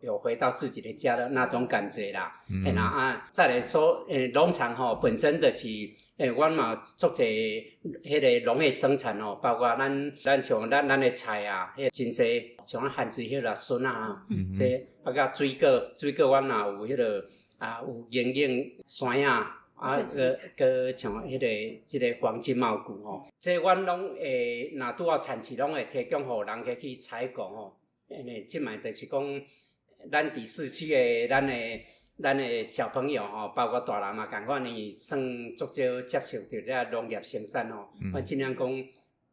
Speaker 5: 有回到自己的家的那種感覺啦。然後啊，再來說，誒，農場吼本身就是，誒、欸，我嘛做者迄個農業生產哦，包括咱咱像咱咱的菜啊，迄、那個真儕像啊，番薯迄啦、筍、嗯、啊、嗯，即啊甲水果，水果我嘛有迄、那個啊，有龍眼酸啊，啊，嗯嗯嗯那個個像迄個即個黃金茂谷吼，即我攏會，若拄啊，產區攏會提供互人家去採購吼。誒，即賣就是講，咱第四期的咱的咱的小朋友吼，包括大人嘛，感覺呢，算足少接受這一下農業生產吼。嗯。我盡量講，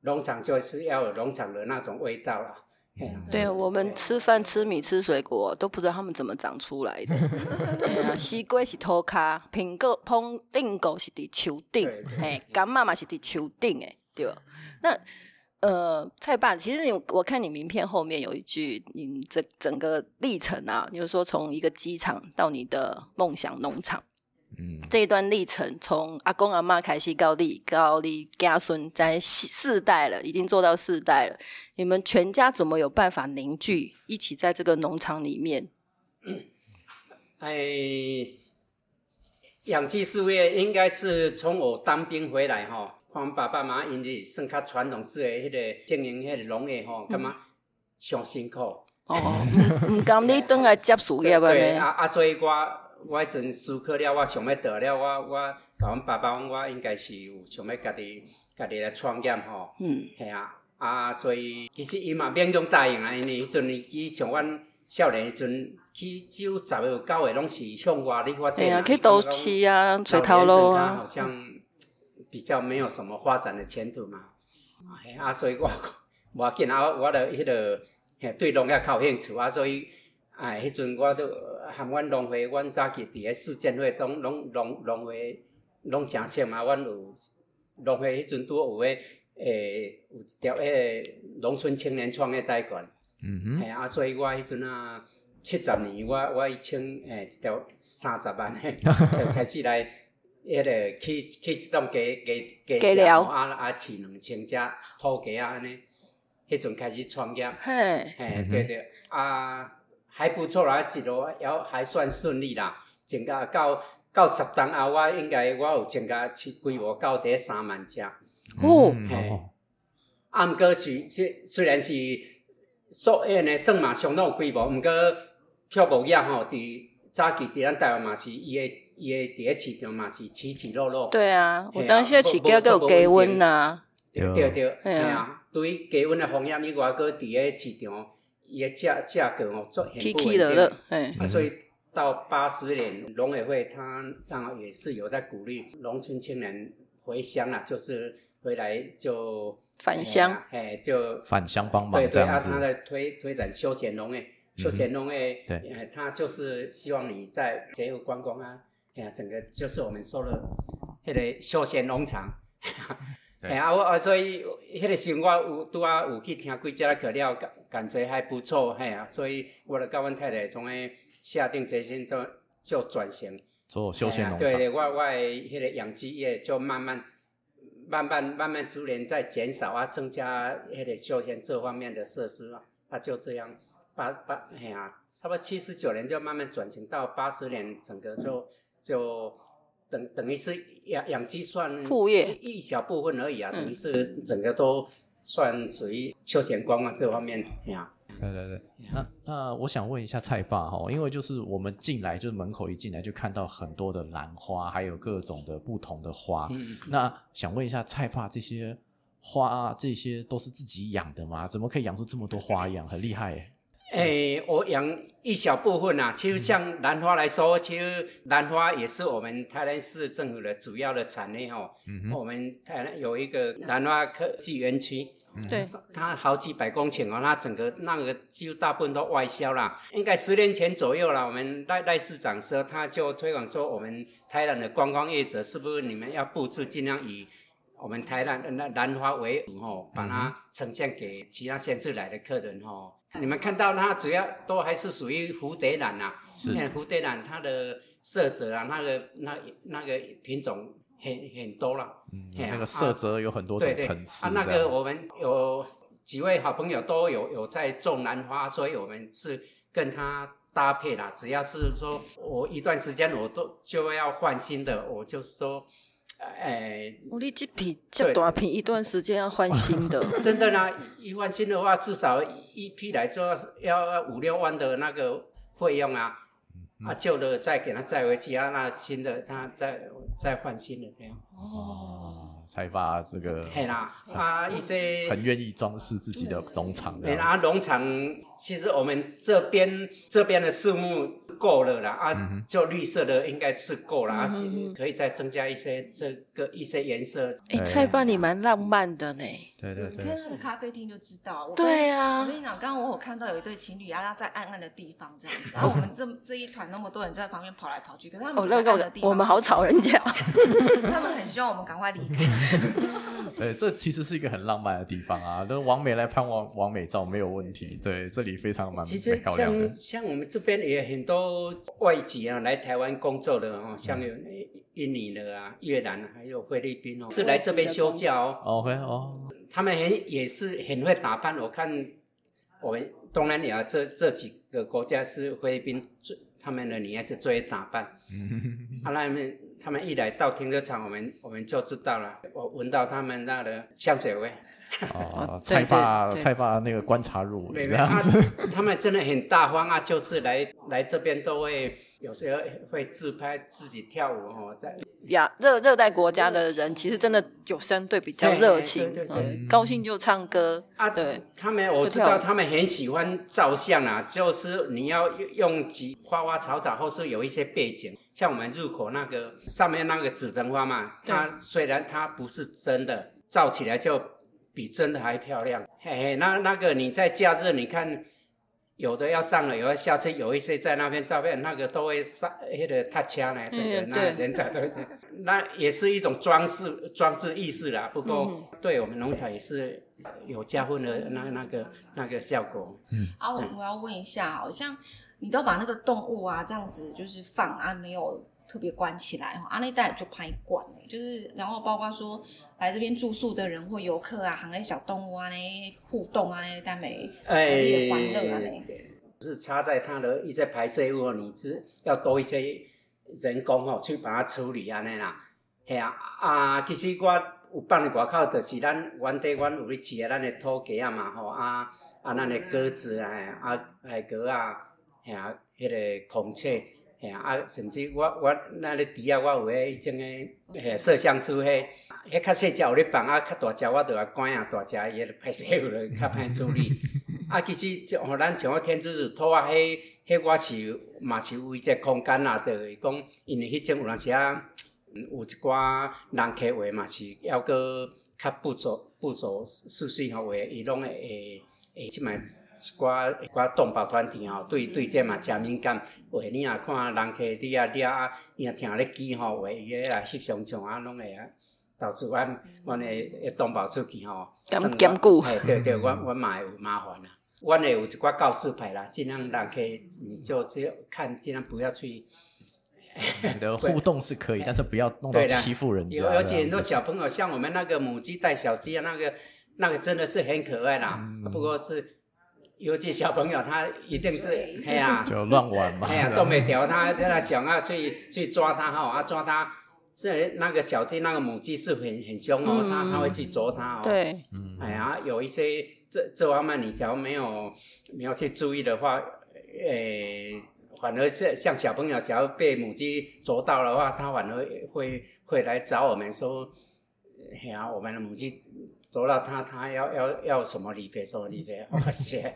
Speaker 5: 農場就是要有農場的那種味道啦。
Speaker 2: 嗯、對、嗯、我們吃飯、吃米、吃水果，都不知道他們怎麼長出來的。 [LAUGHS] [LAUGHS] 啊、西瓜是托卡，蘋果、蘋果是在樹頂，誒，柑仔嘛是佇樹頂的。對那。呃，蔡爸，其實你我看你名片後面有一句，你整整個歷程啊，你就是說從一個雞場到你的夢想農場、嗯，這一段歷程，從阿公阿嬤開始高地，高地家孫在四代了，已經做到四代了，你們全家怎麼有辦法凝聚一起在這個農場裡面？
Speaker 5: 嗯、哎，養雞事業應該是從我當兵回來哈。阮爸爸媽媽，因為算較傳統式的迄、那個經營迄個農業吼，感覺上辛苦。哦，
Speaker 2: 毋甘你倒來接手業，話
Speaker 5: [LAUGHS] 啊，所以我，所以我迄陣思考了，我想要倒了我我，甲阮爸爸，我應該是有想要家己家 [LAUGHS] 己來創業吼。嗯，係啊啊，所以其實伊嘛勉強答應啊，因為迄陣伊像阮少年迄陣，去只有十二、九個攏是向外理髮店啊。對啊，去倒去啊，揣頭路，看比較沒有什麼發展的前途嘛，嗯、啊，所以我，我無要緊啊，我著迄、那個對農業較興趣啊，所以，哎，迄陣我著含阮農會，阮早期佇個市建會，攏攏農農會攏誠熟啊，阮有農會迄陣拄有個誒有一條迄個農村青年創業貸款，嗯哼，嘿啊，所以我迄陣啊七十年我，我我去請誒、欸、一條三十萬的，就開始來。 [LAUGHS] 迄個去去即棟雞雞雞寮，後啊啊飼兩千隻土雞啊，安、啊、尼，迄陣、啊、開始創業，嘿，嘿，對着啊，還不錯啦，一路也還算順利啦。增加到到十棟後，我應該我有增加飼規模，到得三萬隻。
Speaker 3: 吼、mm.，好、
Speaker 5: oh. 啊，毋過是雖雖然是數量呢算嘛，相當有規模，毋過跳舞野吼，佇、喔。早期在，咱台灣嘛是，伊個伊個第一市場嘛是起起落落。對啊，我當時起價有雞瘟吶。啊、
Speaker 2: 對，
Speaker 5: 對對，對、啊，呀，對於雞瘟的風險，你外過第一市場，伊個價價格哦，作很不穩定。起起了了，哎，啊，所以到八十年，農委會他當然也是有在鼓勵農村青年回鄉啊，就是回來就返鄉，誒、嗯啊，就返鄉幫忙這樣子。對，對，對啊，他在推推展休閒農業。休閒農業、嗯，呃，他就是希望你在旅遊觀光啊，哎整個就是我們說的迄、那個休閒農場， [LAUGHS] 對哎啊，我啊，所以迄個時我有拄啊有去聽幾家課了，感感覺還不錯，嘿、哎、呀，所以我就跟阮太太從誒下定決心就，就做轉型做休閒農場，對、哎、對，我我誒，迄個養殖業就慢慢慢慢慢慢逐年在減少啊，增加迄個休閒這方面的設施啊，他、啊、就這樣。八八，哎呀、啊，差不多七十九年就慢慢轉型到八十年，整個就就等等於是養養雞算，副業，一小部分而已啊、嗯，等於是整個都算屬於休閒觀光啊，這方面，哎
Speaker 1: 呀、啊，對對對，那那我想問一下蔡爸哈，因為就是我們進來就是門口一進來就看到很多的蘭花，還有各種的不同的花，嗯、那想問一下蔡爸，這些花這些都是自己養的嗎？怎麼可以養出這麼多花樣，很厲害。
Speaker 5: 誒、嗯欸，我養一小部分啦、啊。其實像蘭花來說、嗯，其實蘭花也是我們台南市政府的主要的產業哦、嗯。我們台南有一個蘭花科技園區。對、嗯。它好幾百公頃哦，它整個那個幾乎大部分都外銷啦。應該十年前左右啦，我們賴賴市長說，他就推廣說，我們台南的觀光業者是不是你們要布置，儘量以。我們台南那蘭花為主吼，把它呈現給其他縣市來的客人吼、嗯。你們看到它主要都還是屬於蝴蝶蘭啊，是蝴蝶蘭它的色澤啊，那個那那個品種很很多了，嗯，那個色澤
Speaker 1: 有很多種層次啊，對對對啊，那個
Speaker 5: 我們有幾位好朋友都有有在種蘭花，所以我們是跟它搭配啦。只要是說我一段時間我都就要換新的，我就是說。哎、欸，我你這批這大片一段時間要換新的， [LAUGHS] 真的呢、啊，一換新的話，至少一批來就要,要五六萬的那個費用啊。嗯、啊，舊的再給它載回去啊，那新的它、啊、再再換新的這樣。
Speaker 1: 哦，才把這個。是、嗯、啦，啊一些、啊、很願意裝飾自己的農場的。哎，
Speaker 5: 啊，農場其實我們這邊這邊的樹木。夠了啦啊、嗯！就綠色的應該是夠了、嗯，而且可以再增加一些這個一些顏色。哎、欸，蔡爸
Speaker 2: 你蠻浪漫的呢、嗯。對對
Speaker 5: 對，你看
Speaker 6: 他的咖啡廳就知道。對啊，我跟你講，剛剛我有看到有一對情侶啊，他在暗暗的地方這樣。然、啊、後、啊、我們這這一團那麼多人就在旁邊跑來跑去，可是他們的 [LAUGHS] 那個地方
Speaker 2: 我們好吵人家，
Speaker 6: [LAUGHS] 他們很希望我們趕快離開。
Speaker 1: [LAUGHS] 對，這其實是一個很浪漫的地方啊，都、就、王、是、美來拍完網美照沒有問題。對，這裡非常蠻漂亮的。
Speaker 5: 像像我們這邊也有很多。外籍啊，來台灣工作的哦，像有印尼的啊、越南，啊、還有菲律賓哦，是來這邊休假哦。OK 哦，okay, oh. 他們很也是很會打扮。我看我們東南亞這這幾個國家是菲律賓最，他們的女孩子最會打扮。他 [LAUGHS] 們，啊、他們一來到停車場，我們我們就知道了，我聞到他們那的香水味。哦蔡爸，蔡、
Speaker 1: 啊、爸那個觀察入那樣子，對對
Speaker 5: 對，他，他們真的很大方啊，就是來來這邊都會有些會自拍，自己跳舞哦，在
Speaker 2: 亞熱熱帶國家的人，其實真的有相對比較熱情，對對對對，嗯，高興就唱歌，嗯、啊。對，他們我知道
Speaker 5: 他們很喜歡照相啊，就、就是你要用幾花花草草或是有一些背景，像我們入口那個上面那個紫藤花嘛，它雖然它不是真的，照起來就，比真的還漂亮，嘿、hey, 嘿，那那個你在假日，你看有的要上了，有的下次有，有，有一些在那邊照片，那個都會上黑的太強了，那那也是一種裝飾裝置意識啦。不過、嗯，對我們農場也是有加分的、那個，那那個那個效果。嗯
Speaker 6: 啊，我我要問一下，好像你都把那個動物啊這樣子就是放啊，沒有特別關起來哈、啊，那內帶就拍慣了。就是，然後包括說來這邊住宿的人或遊客啊，行那些小動物啊，那些互動啊，那些大美，誒，歡、哎、樂啊，那、哎、些、
Speaker 5: 哎。是插在它的一些排泄物，你是要多一些人工吼、哦、去把它處理啊那樣啦。係啊，啊，其實我有放佇外口，就是咱原地，阮有咧飼、哦、啊，咱的土雞啊嘛吼，啊、嗯、啊，咱的鴿子啊，啊海鴿啊，嚇、啊，迄、啊啊那個孔雀。嚇啊，啊，甚至我我那咧機啊，我有迄種個嚇攝像機，迄較細隻有咧放啊，那個、放啊較大隻我倒來關啊，大隻伊咧拍攝有咧較便處理。啊，其實就咱像我天資是拖啊，迄迄我，我是嘛是有為者空間啊，着、就、講、是、因為迄種有陣時啊，有一寡人客話嘛是要過較不足不足，四歲吼話伊攏會會會即滿。一寡一寡動保團體吼、喔喔喔欸，對對這嘛誠敏感。話你啊看，人客佇啊抓，伊啊聽咧記吼，話伊個來翕相像啊，攏會啊導致阮阮誒，動保出去吼，減兼顧誒，對對，阮阮嘛會有麻煩啦。阮誒有一寡告示牌啦，盡量讓客以，你就只看，盡量不要去。 [LAUGHS] 你
Speaker 1: 的互動是可以，但是不要弄到欺負人家啦，啦。有有幾多
Speaker 5: 小朋友，像我們那個母雞帶小雞啊，那個那個真的是很可愛啦。嗯、不過是。尤其小朋友他一定是，哎呀、啊，
Speaker 1: 就亂玩嘛，哎呀、啊，都沒屌
Speaker 5: 他，嗯，他想要去去抓他哈、哦，啊抓他，這那個小雞那個母雞是很很兇，嗯、他他他哦，它它會去啄它哦。對，哎呀，有一些這這方面你只要沒有沒有去注意的話，哎、呃、反而是像小朋友，假如被母雞啄到的話，他反而會會，會來找我們說，哎呀、啊，我們的母雞。走了，他他要要要什麼理賠做理賠。 [LAUGHS] 而且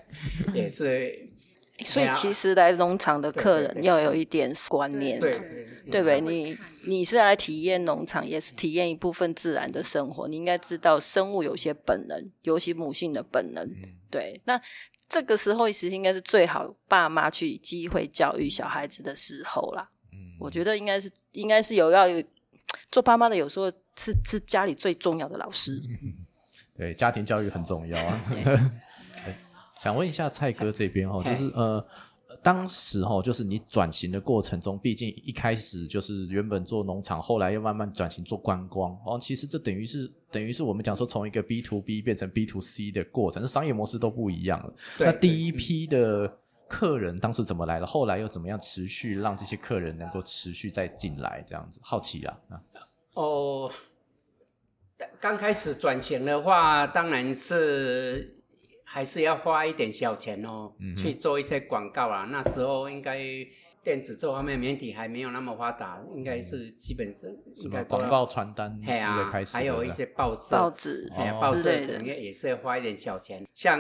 Speaker 5: 也是， [LAUGHS] 也是。所以其實
Speaker 2: 來農場的客人要有一點觀念，對對對，對對，對？你你，你是來體驗農場，也是體驗一部分自然的生活。 [LAUGHS] 你應該知道，生物有些本能，尤其母性的本能。對，那這個時候其實應該是最好爸媽去機會教育小孩子的時候啦。嗯， [LAUGHS] 我覺得應該是應該是有要有做爸媽的，有時候是是家裡最重要的老師。 [LAUGHS]
Speaker 1: 對家庭教育很重要啊。 [LAUGHS] [LAUGHS] Okay. 對，想問一下蔡哥這邊哈、哦，Okay. 就是呃,呃，當時哈、哦，就是你轉型的過程中，畢竟一開始就是原本做農場，後來又慢慢轉型做觀光，然、哦、其實這等於是等於是我們講說從一個 B to B 變成 B to C 的過程，這商業模式都不一樣了。Mm-hmm. 那第一批的客人當時怎麼來了？後來又怎麼樣持續讓這些客人能夠持續再進來？這樣子好奇啊啊哦。嗯
Speaker 5: Oh. 剛開始轉型的話，當然是還是要花一點小錢哦、喔嗯，去做一些廣告啊。那時候應該電子這方面媒體還沒有那麼發達、嗯，應該是基本上什麼廣告傳單、啊、還有一些報社報紙，報紙應該也是要花一點小錢。像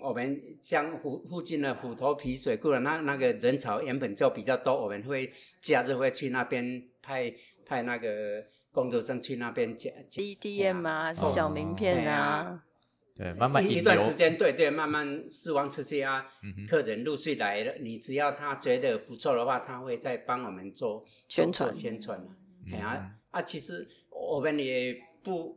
Speaker 5: 我們像附附近的虎頭埤水庫了，那那個人潮原本就比較多，我們會假日會去那邊派派那個。工作上去那邊剪
Speaker 2: 剪，D D M 啊，小名片啊，對、啊，
Speaker 1: 慢慢一段時間，
Speaker 5: 對對，慢慢試完吃吃啊，客人陸續來了，你只要他覺得不錯的話，他會再幫我們做宣傳宣傳。啊啊，其實我們也不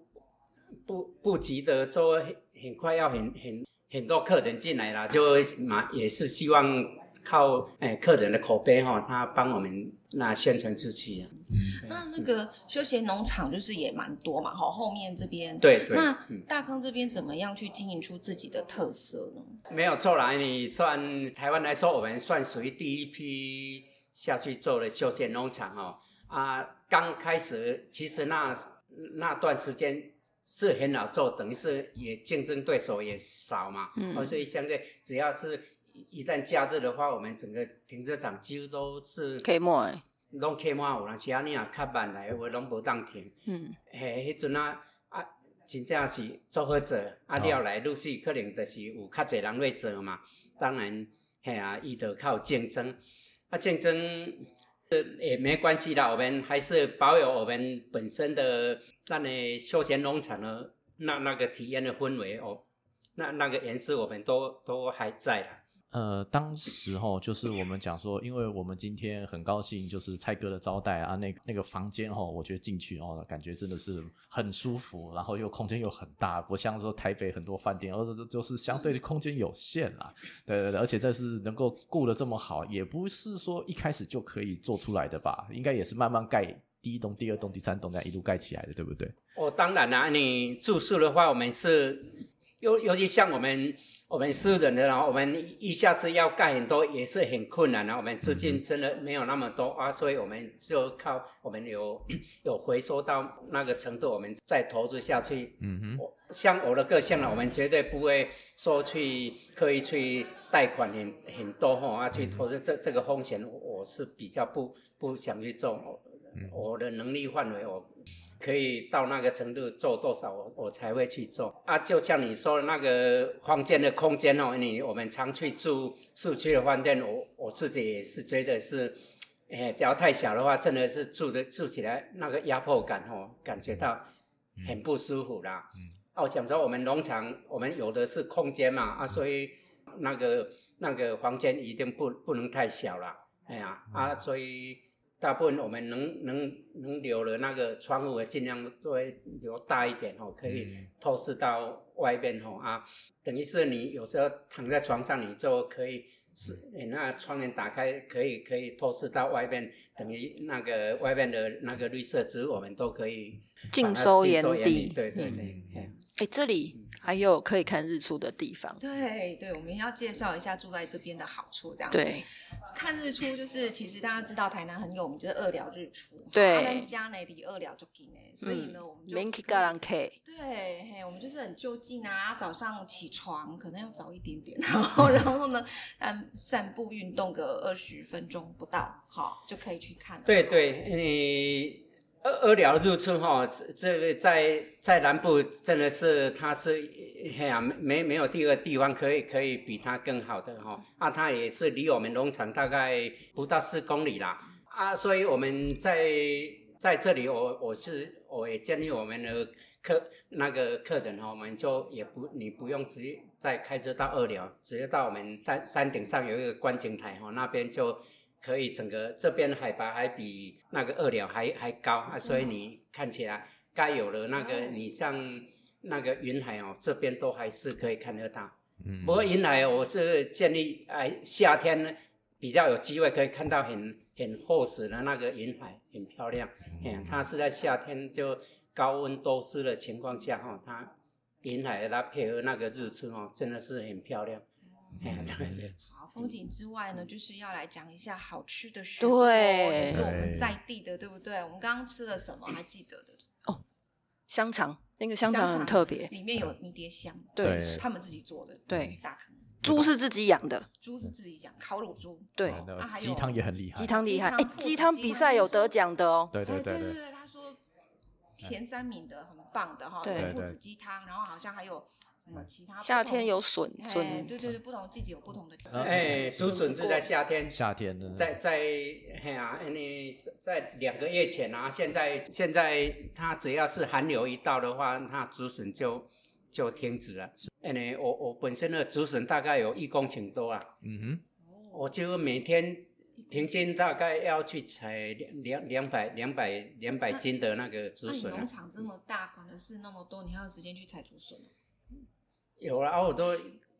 Speaker 5: 不不,不急得做，很快要很很很多客人進來了，就嘛也是希望。靠、欸、客人的口碑哈、哦，他幫我們那宣傳出去。啊。
Speaker 6: 那那個休閒農場就是也蠻多嘛哈，後面這邊。對，對對。那大坑這邊怎麼樣去經營出自己的特色呢？嗯、
Speaker 5: 沒有錯啦，你算台灣來說，我們算屬於第一批下去做的休閒農場哦。啊，剛開始其實那那段時間是很好做，等於是也競爭對手也少嘛。嗯。而所以現在只要是。一旦假日的話，我們整個停車場幾乎都是開滿，攏開滿，我講其他哩也較慢來，我攏無當停。嗯，嚇，迄陣啊啊，真正是租好座，啊，了、哦、來陸續可能就是有較儕人來坐嘛。當然，吓、啊，伊得靠競爭。啊，競爭這也、欸、沒關係啦，我們還是保有我們本身的咱誒休閒農場的那那個體驗的氛圍哦、喔。那那個顏色我們都都還在啦
Speaker 1: 呃，當時吼，就是我們講說，因為我們今天很高興，就是蔡哥的招待啊，那那個房間吼，我覺得進去哦，感覺真的是很舒服，然後又空間又很大，不像說台北很多飯店，而是就是相對的空間有限啦。對對，對對，而且這是能夠顧得這麼好，也不是說一開始就可以做出來的吧？應該也是慢慢蓋第一棟、第二棟、第三棟這樣一路蓋起來的，對不對？
Speaker 5: 我、哦、當然啦，你住宿的話，我們是。尤尤其像我們我們私人的人，然後，我們一下子要蓋很多也是很困難的，我們資金真的沒有那麼多、嗯、啊，所以我們就靠我們有、嗯、有回收到那個程度，我們再投資下去。嗯嗯，像我的個性呢，我們絕對不會說去刻意去貸款很很多哈、哦，啊去投資這這個風險，我是比較不不想去做、嗯。我的能力範圍我。可以到那個程度做多少我，我我才會去做啊。就像你說的那個房間的空間哦，你我們常去住市區的飯店。我我自己也是覺得是，哎，只要太小的話，真的是住的住起來那個壓迫感哦，感覺到很不舒服啦。嗯。嗯啊、我想說我們農場，我們有的是空間嘛啊，所以那個那個房間一定不不能太小了，哎呀、嗯、啊，所以。大部分我們能能能留的那個窗戶，盡量多留大一點哦，可以透視到外面哦、嗯、啊。等於是你有時候躺在床上，你就可以是你那個、窗簾打開，可以可以透視到外面、嗯，等於那個外面的那個綠色植物，我們都可以
Speaker 2: 盡收，收眼底。對對、嗯、對，哎、嗯，這裡。嗯還有可以看日出的地方。
Speaker 6: 對對，我們要介紹一下住在這邊的好處，這樣子。對，看日出就是，其實大家知道台南很
Speaker 2: 有名，就是二寮日出。對。他、啊、們家
Speaker 6: 那裡二寮就近哎、嗯，
Speaker 2: 所以呢，我們就。Linki g
Speaker 6: 對，對，我們就是很就近啊。早上起床可能要早一點點，然後，然後呢，嗯， [LAUGHS] 散步運動個二十分鐘不到，好就可以去
Speaker 5: 看了。對對，因為。二二寮日出哈，這個在在南部真的是它是哎呀、啊，沒沒有第二地方可以可以比它更好的哈。那、啊、它也是離我們農場大概不到四公里啦。啊，所以我們在在這裡我，我我是我也建議我們的客那個客人哈，我們就也不你不用直接再開車到二寮，直接到我們山山頂上有一個觀景台哈，那邊就。可以，整個這邊海拔還比那個二寮還還高啊，所以你看起來該有的那個、嗯，你像那個雲海哦，這邊都還是可以看得到。嗯，不過雲海我是建議哎、啊，夏天呢，比較有機會可以看到很很厚實的那個雲海，很漂亮、嗯嗯。它是在夏天就高溫多濕的情況下哈、哦，它雲海它配合那個日出哦，真的是很漂亮。嗯嗯嗯嗯嗯
Speaker 6: 風景之外呢，就是要來講一下好吃的食物，對、哦，就是我們在地的，對不對？我們剛剛吃了什麼、嗯？還記得的？哦，
Speaker 2: 香腸，
Speaker 5: 那個香腸很特別，裡面有迷迭
Speaker 6: 香，對，對是他們自己做的，對，對大坑
Speaker 5: 豬是自己養的，
Speaker 6: 豬是自己養、嗯，烤乳豬，對，雞、啊、湯、那個、也很厲害，雞湯厲害，雞湯、欸欸、比賽有得獎的哦，對對對對，對對對，他說前三名的、嗯、很棒的哈，兔、哦、對對對子雞湯，然後好像還有。嗯、夏天有筍，筍是、哎、對對
Speaker 5: 對、不同季節有不同的、嗯嗯。哎，竹筍是在夏天，夏天的。在在、嗯啊嗯、在兩個月前啊，嗯、現在、嗯、現在它只要是寒流一到的話，它竹筍就,就停止了。哎、我,我本身的竹筍大概有一公頃多啊。嗯我就每天平均大概要去採兩百兩百兩百斤的那個竹筍、啊。農場
Speaker 6: 這麼大，管的事那麼多，你還有時間去採竹筍？
Speaker 5: 有啊，啊我都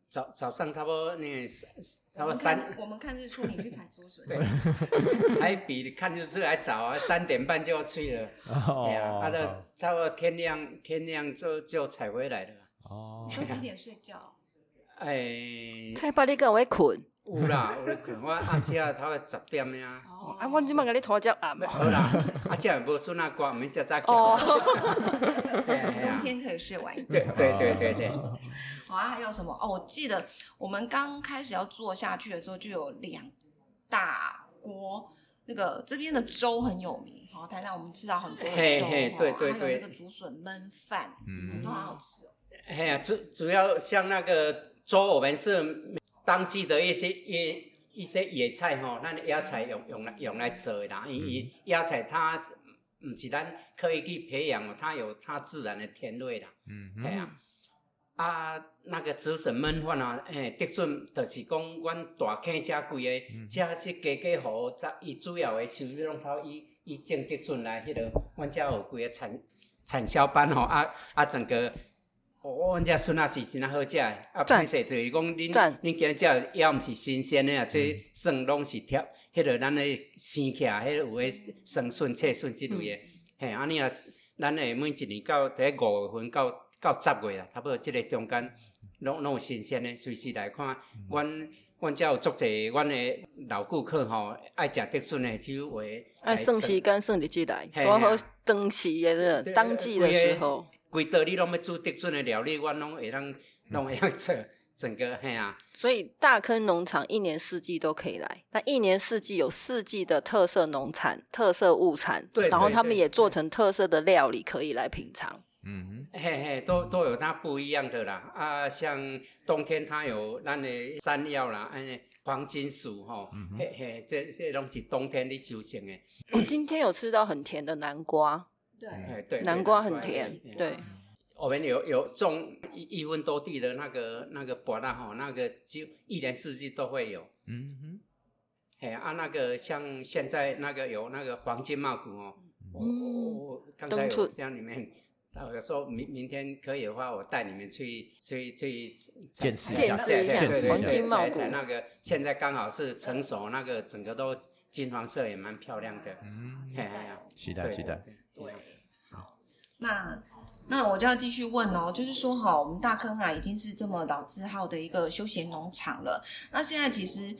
Speaker 5: 早早上差不多那，差不多三。
Speaker 6: 我們看
Speaker 5: 日出， [LAUGHS] 你去採竹筍。 [LAUGHS] 還比看日出還早、啊， [LAUGHS] 三點半就要去了。呀、oh, 啊，他、oh, 到、啊、差不多天亮，oh. 天亮就就採回來了。哦、oh. 啊。你都幾點睡覺？哎、 [LAUGHS] 欸。蔡
Speaker 2: 爸，你跟我一困。
Speaker 5: [LAUGHS] 有啦，有咧，我阿姐他要十點呀、
Speaker 2: 哦。啊，我今晚給你拖
Speaker 5: 隻鴨。好啦，阿姐無筍啊瓜，免食早餐。哦、 [LAUGHS] 啊，冬天
Speaker 6: 可以睡晚一點。對對對對好、哦、啊，還有什麼？哦，我記得我們剛開始要做下去的時候，就有兩大鍋那個這邊的粥很有名，好、哦，台南我們吃到很多粥嘿嘿，對對對，對，還、啊、有那個竹筍燜飯，嗯，都很好吃
Speaker 5: 哦。嗯、嘿呀、啊，主主要像那個粥，我們是。當季的一些野一些野菜吼，咱野菜用用來用來做的啦，因因野菜它毋是咱可以去培養它有它自然的甜味啦。嗯、啊啊那個啊欸、嗯鴨鴨、那個。啊，啊那個竹筍燜飯啊，誒竹筍著是講，阮大坑遮貴個，遮是價格好，咱伊主要誒收入源頭，伊伊種竹筍來迄個，阮遮有幾個產產銷班吼，啊啊整個。哦、我阮遮筍也是真好食，啊！特色就是講，恁恁今日食誒，抑毋是新鮮誒。啊、嗯，即筍攏是挑，迄、那個咱誒、那個、生起來，迄有誒生筍、脆筍之類誒。嘿，安尼啊，咱廈門一年到第五月份到到十月啦，差不多即個中間攏攏有新鮮誒。隨時來看。阮阮遮有足濟，阮誒老顧客吼，愛食竹筍誒。就會來。啊，算時
Speaker 2: 間算日子來，多好當時，珍惜的，當季的時候。
Speaker 5: 道你攏要煮的料理，攏會做，整個啊。
Speaker 2: 所以大坑農場一年四季都可以來，那一年四季有四季的特色農產、特色物產。對，對，對，然後他們也做成特色的料理，可以來品嘗。
Speaker 5: 嗯，嘿嘿，都都有它不一樣的啦。啊，像冬天它有咱的山藥啦，黃金薯吼，嘿嘿，這這些東西冬天的修行。誒。
Speaker 2: 我、哦、今天有吃到很甜的南瓜。對、啊嗯，對，南瓜很甜，對，
Speaker 5: 對。我們有有種一一分多地的那個那個菠蘿哈，那個就、哦那個、一年四季都會有。嗯哼。哎，啊那個像現在那個有那個黃金茂谷哦。哦。嗯、我剛才有像你們，待會兒說明明天可以的話，我帶你們去去去見識一,一下，對對一下黃金茂谷對那個。現在剛好是成熟，那個整個都金黃色，也蠻漂亮的。嗯。哎呀，期待
Speaker 3: 對期待。對期待
Speaker 6: 對，好，那那我就要繼續問哦，就是說哈，我們大坑啊已經是這麼老字號的一個休閒農場了，那現在其實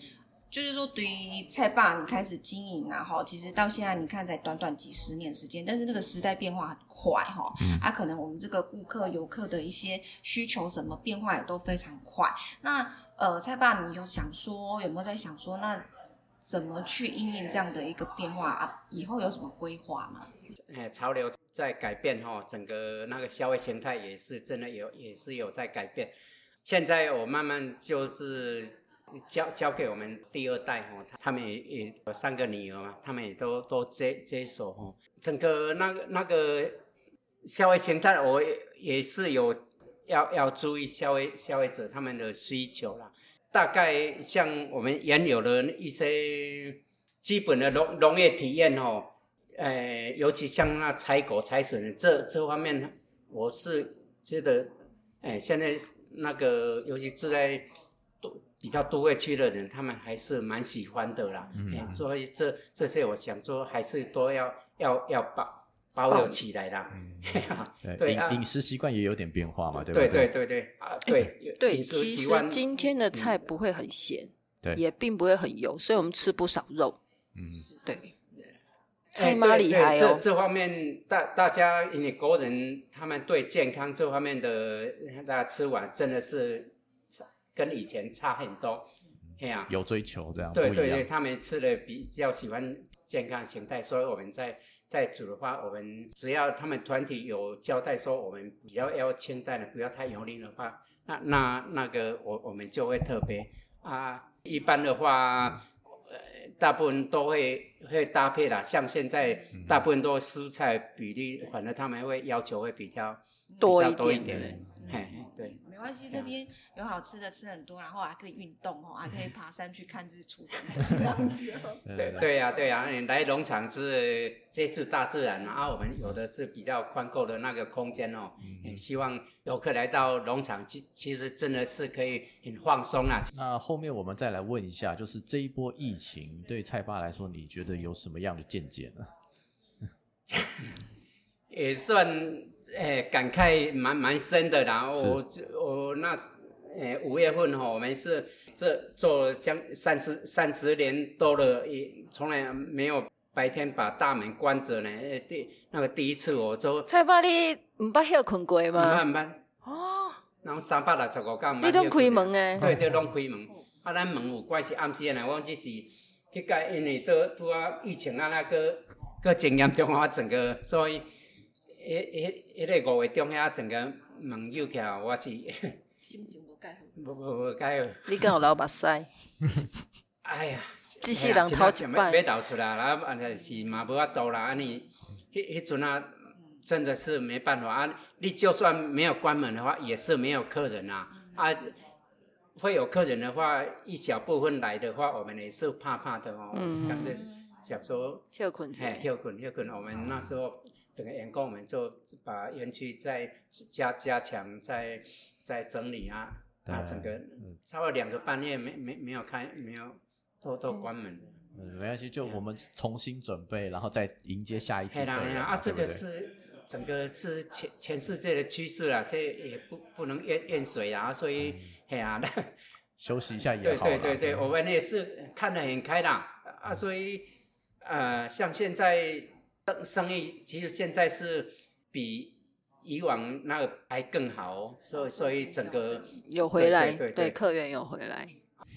Speaker 6: 就是說對於蔡爸你開始經營啊，然後其實到現在你看在短短幾十年時間，但是那個時代變化很快哈、哦嗯，啊可能我們這個顧客遊客的一些需求什麼變化也都非常快，那呃蔡爸你就想說有沒有在想說那怎麼去應應這樣的一個變化啊？以後有什麼規劃嗎？
Speaker 5: 哎，潮流在改變哈，整個那個消費形態也是真的有，也是有在改變。現在我慢慢就是交交給我們第二代哈，他們也也有三個女兒嘛，他們也都都接接手哈。整個那個那個消費形態，我也也是有要要注意消費消費者他們的需求啦。大概像我們原有的一些基本的農農業體驗哎、呃，尤其像那採菇採筍這這方面，我是覺得，哎、呃，現在那個尤其住在比較都會區的人，他們還是蠻喜歡的啦。嗯啊呃、所以這這些，我想說，還是都要要要保留起來啦。哈、嗯、 [LAUGHS] 飲飲
Speaker 1: 食習慣也有點變化嘛，啊、對不對？對對
Speaker 5: 對對啊！對、欸、對，對，其實今天的菜不
Speaker 2: 會很鹹，嗯、也並不會很油，所以我們吃不少肉。嗯，對。
Speaker 5: 哎、嗯，對對,對，這這方面大大家，因為國人他們對健康這方面的，大家吃完真的是差跟以前差很多，這樣、啊、有追求這樣。對對對，對對他們吃的比較喜歡健康形態所以我們在在煮的話，我們只要他們團體有交代說我們比較要清淡的，不要太油膩的話，那那那個我我們就會特別啊，一般的話。嗯大部分都會會搭配啦，像現在、嗯、大部分都蔬菜比例，反正他們會要求會比較多一點。嘿，對，
Speaker 6: 沒關係，這邊有好吃的吃很多，然後還可以運動哦，還可以爬山去看日出， [LAUGHS] 這樣子、
Speaker 5: 喔對對對對對。對呀、啊，對呀、啊，你來農場是接觸大自然、啊，然、啊、後我們有的是比較寬闊的那個空間哦、喔，也希望遊客來到農場，其其實真的是可以很放鬆啊、嗯。那
Speaker 1: 後面我們再來問一下，就是這一波疫情對蔡爸來說，你覺得有什麼樣的見解呢？
Speaker 5: [LAUGHS] 也算。誒，感慨蠻蠻，蠻深的。然後我我那誒五月份吼，我們是這做將三十三十年多了，也從來沒有白天把大門關着呢。第那個第一次我做，我就
Speaker 2: 蔡爸裡唔巴休困過嘛，唔巴唔巴哦，然
Speaker 5: 後三百六十五天，你都開門哎、嗯，對對，攏開門、哦。啊，咱門有關係暗時呢，我只是去介，因為都拄啊疫情啊那個個經驗中啊整個，所以。迄迄迄個五月中下整個網友徛，我是 [LAUGHS] 心情無解好。無無無解好。你敢有流目屎？ [LAUGHS] [LAUGHS] 哎呀，這些人偷錢半。別倒出來了，啊， [LAUGHS] 是嘛？不啊多了啊你。迄迄陣啊，真的是沒辦法啊！你就算沒有關門的話，也是沒有客人啊。嗯。啊，會有客人的話，一小部分來的話，我們也是怕怕的哦。嗯。感覺小時候。跳孔雀。嘿，跳孔雀，我們那時候。嗯。整個員工，我們就把園區再加加強、再再整理啊，啊，啊，整個超過兩個半月沒沒沒有開，沒有都都關門了。
Speaker 1: 嗯，嗯沒關係，就我們重新準備，啊、然後再迎接下一批人啊啊對對。啊，這個是
Speaker 5: 整個是全全世界的趨勢啊，這個、也不不能怨怨誰啊，所以很難、嗯啊。
Speaker 1: 休息一下也好對對對對、嗯，
Speaker 5: 我們也是看得很開啦、嗯、啊，所以呃，像現在。生生意其實現在是比以往那個還更好，哦，所以所以整個有回來，對，對，對，對，對，
Speaker 2: 對，對客源有回來。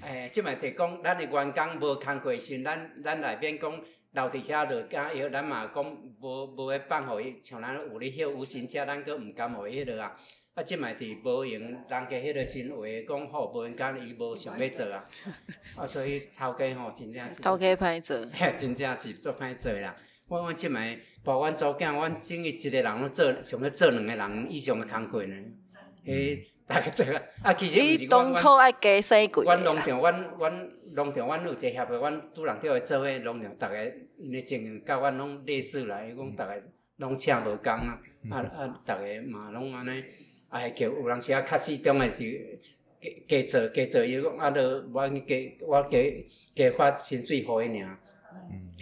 Speaker 5: 哎，即賣在講，咱的員工無空過心，咱咱裡邊講老底下就講，許咱嘛講無無要放互伊，像咱有咧歇無薪假，咱佫唔敢互伊了啊。啊，即賣佇無用人，人家迄個行為講好，無閒講伊無想要做啊。 [LAUGHS] 啊，所以頭家吼，真正是頭家
Speaker 2: 歹做，哎，真
Speaker 5: 正是做歹做啦。阮阮即擺，包阮組囝，阮整個一個人攏做，想要做兩個人以上的工課呢？誒、嗯，大家做啊！啊，其實當初不
Speaker 2: 是我，我，我農場，我阮農場
Speaker 5: 阮阮農場阮有一個協會，阮主人叫伊做個農場，逐個因為情甲阮攏累死啦，伊講逐個攏請無工、嗯、啊，啊啊，大家嘛攏安尼，啊叫有人時啊，確實當個是加加做加做，伊講，啊，都、啊、我加我加加發薪水互伊爾。嗯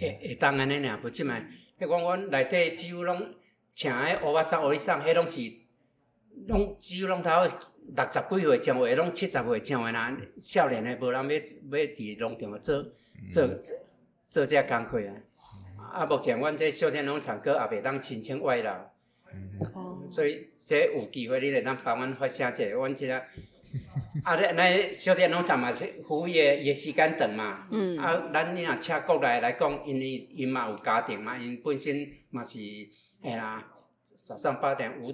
Speaker 5: 會會當安尼爾，啦，即、嗯、前，迄我我內底只有攏請迄烏巴桑、烏里桑迄攏是，攏只有攏頭六十幾歲上位，攏七十歲上位吶。少年誒，無人要要佇農場做、嗯、做做做遮工作啊、嗯。啊，目前阮這壽山農場哥也未當申請外勞。
Speaker 2: 哦、
Speaker 5: 嗯。所以，所以有以這有機會，你來咱幫阮發聲者，阮即個。 [LAUGHS] 啊，咱咱小些農場嘛，是服務業，也是間長嘛。嗯。啊，咱你若請國內來講，因為因嘛有家庭嘛，因本身嘛是嚇啦、嗯嗯，早上八點五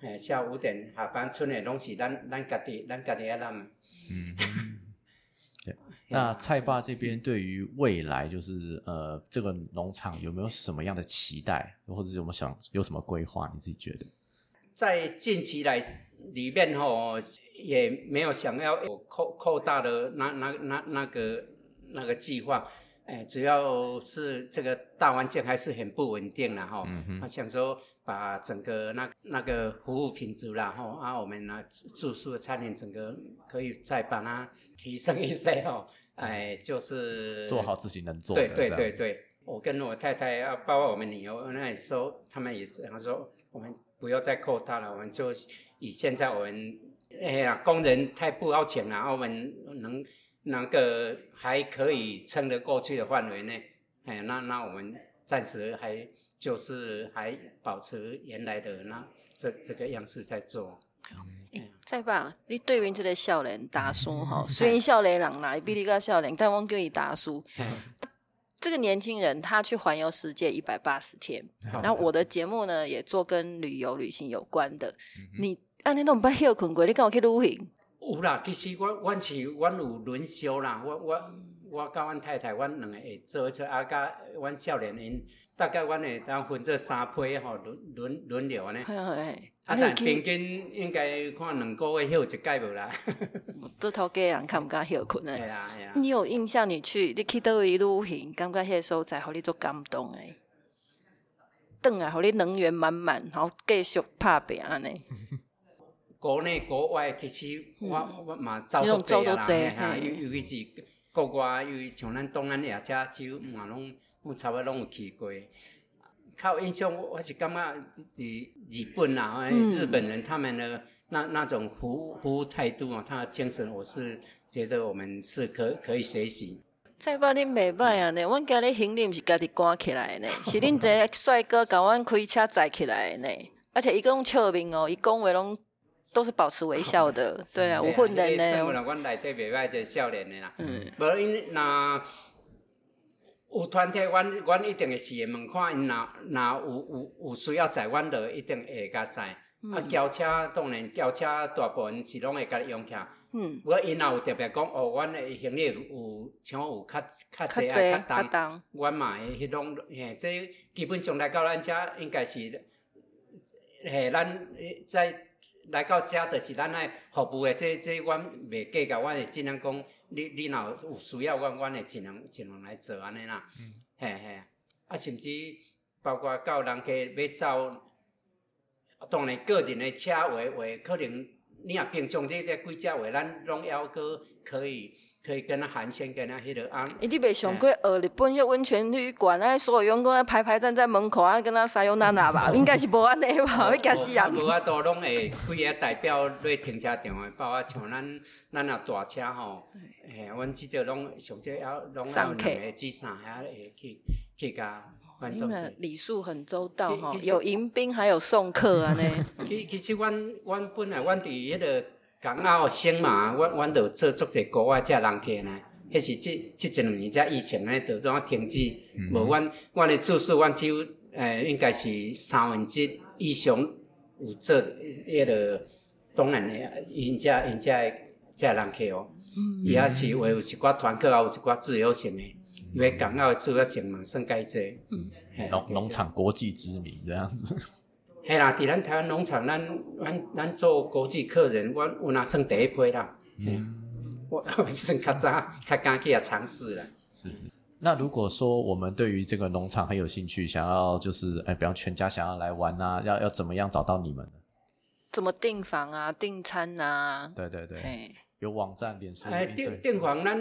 Speaker 5: 嚇下午五點下班，村的攏是咱咱家己咱家己來攬。嗯。
Speaker 1: 對， [LAUGHS] 那蔡爸這邊對於未來就是呃這個農場有沒有什麼樣的期待，或者是有沒有想有什麼規劃？你自己覺得？
Speaker 5: 在近期來。裡面吼，也沒有想要有擴擴大的那那那那個那個計劃，哎，只要是這個大環境還是很不穩定嗯，吼，他、嗯啊、想說把整個那那個服務品質然後，吼啊，我們那住宿的餐廳，整個可以再把它提升一些吼，嗯，哎，就是做好自己能做的。對對對對，我跟我太太啊，包括我們女兒那時候，他們也這樣說，我們不要再擴大了，我們就。以現在我們哎呀、欸啊，工人太不好請了、啊，我們能那個還可以撐得過去的範圍內，哎、欸，那那我們暫時還就是還保持原來的那這這個樣式在做。好、嗯、
Speaker 2: 再、欸、吧，你對面這個人笑臉大叔哈，雖然笑臉朗來，比你個笑臉，但汪哥你大叔。 [LAUGHS] 這個年輕人他去環遊世界一百八十天，那我的節目呢也做跟旅遊旅行有關的，嗯、你。安尼都毋捌休困過，你敢有去旅行？
Speaker 5: 有啦，其實阮阮是阮有輪休啦。阮阮我甲阮太太，阮兩個坐一坐啊甲阮少年因大概阮會當分做三批吼、哦，輪輪輪流安尼、啊。啊，但平均應該看兩個月休一屆無啦。
Speaker 2: [LAUGHS] 做頭家人敢毋敢休困誒？你有印象？你去，你去倒位旅行，感覺迄個所在互你足感動誒。轉來互你能源滿滿，然後繼續拍拼安尼。 [LAUGHS]
Speaker 5: 國內國外，其實我、嗯、我嘛走攏儕啊，嚇，尤尤其是國外，因為像咱東南亞這些，就嘛攏，差不多攏有去過。較有印象，我是感覺日本啊，日本人、嗯、他們呢，那那種服務服務態度啊，他精神，我是覺得我們是可可以學習。
Speaker 2: 蔡爸你袂歹啊，你、嗯，我今日行李毋是家己關起來呢、欸， [LAUGHS] 是恁一個帥哥教我們開車載起來呢、欸，而且一共笑面哦，一共講話攏。都是保持微笑的，對啊，嗯、我混的呢、
Speaker 5: 那個我這個年啊。嗯。無因若，有團體，阮阮一定是會問看因若若有有有需要載阮的一定會甲載、嗯。啊，轎車當然，轎車大部分是攏會甲家用起。嗯。無因若有特別講、嗯、哦，阮的行李有像有較較儕較重。較重。阮嘛，迄種嘿，這基本上來到咱遮應該是，嘿，咱在。來到遮，就是咱的服務的這，這這，阮未計較我，阮會儘量講，汝，汝若有需要，阮阮會儘量儘量來做，安尼啦，嚇、嗯、嚇，啊，甚至包括到人家要走，當然個人的車位話，我可能汝若平常即個幾隻話，咱攏猶閣可以。可以跟他寒暄跟他欸欸、你未上過
Speaker 2: 學？日本迄溫泉旅館，啊、欸，所有員工排排站在門口啊，跟那撒有娜娜吧， [LAUGHS] 應該是無安尼吧？喔、要驚死人。無、
Speaker 5: 喔、啊，都攏會，幾個代表在停車場的， [LAUGHS] 包括像咱咱那大車吼，嘿、欸，阮至少攏上車，客要攏按兩個至三個去去加。那麼
Speaker 2: 禮數很周到哈，有迎賓還有送客啊呢、嗯
Speaker 5: [LAUGHS] 其其實我們，阮阮本來阮佇迄個。港澳省嘛，阮阮着做足儕國外遮人客呢。迄是即、即一兩年遮疫情咧，着怎啊停止？無、嗯，阮阮誒住宿，阮只有誒，應該是三分之一以上有做迄落，東南誒，因遮因遮誒遮人客哦。伊也、嗯、是有一寡團客，也有一寡自由行誒、嗯。因為港澳誒自由行嘛，算介濟。
Speaker 1: 農農場國際知名這樣子。
Speaker 5: 嘿啦，既然台灣農場，咱咱咱做國際客人，我我那算第一批啦。嗯，我，我算較早、較敢去啊，嘗試啦。是
Speaker 1: 是。那如果說我們對於這個農場很有興趣，想要就是，哎、欸，比方全家想要來玩啊，要要怎麼樣找到你們呢？
Speaker 5: 怎麼
Speaker 2: 訂房啊？訂餐啊？
Speaker 1: 對對對。有網站連上。哎、欸，訂
Speaker 5: 訂房那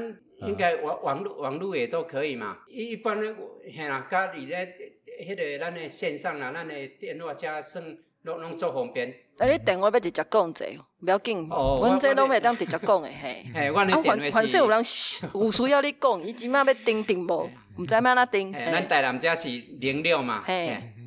Speaker 5: 應該、嗯、網網絡網絡也都可以嘛。一般呢，嘿啦，家裡咧。迄、那個咱誒線上啊，咱誒電話遮算攏攏做方便。
Speaker 2: 啊，你電話要直接講者，哦、不要緊，阮這攏袂當直接講誒、哦。嘿，啊，啊環環線有人有需要你講，伊即嘛要叮叮無，毋知安怎叮。誒，咱
Speaker 5: 台南遮是零六嘛，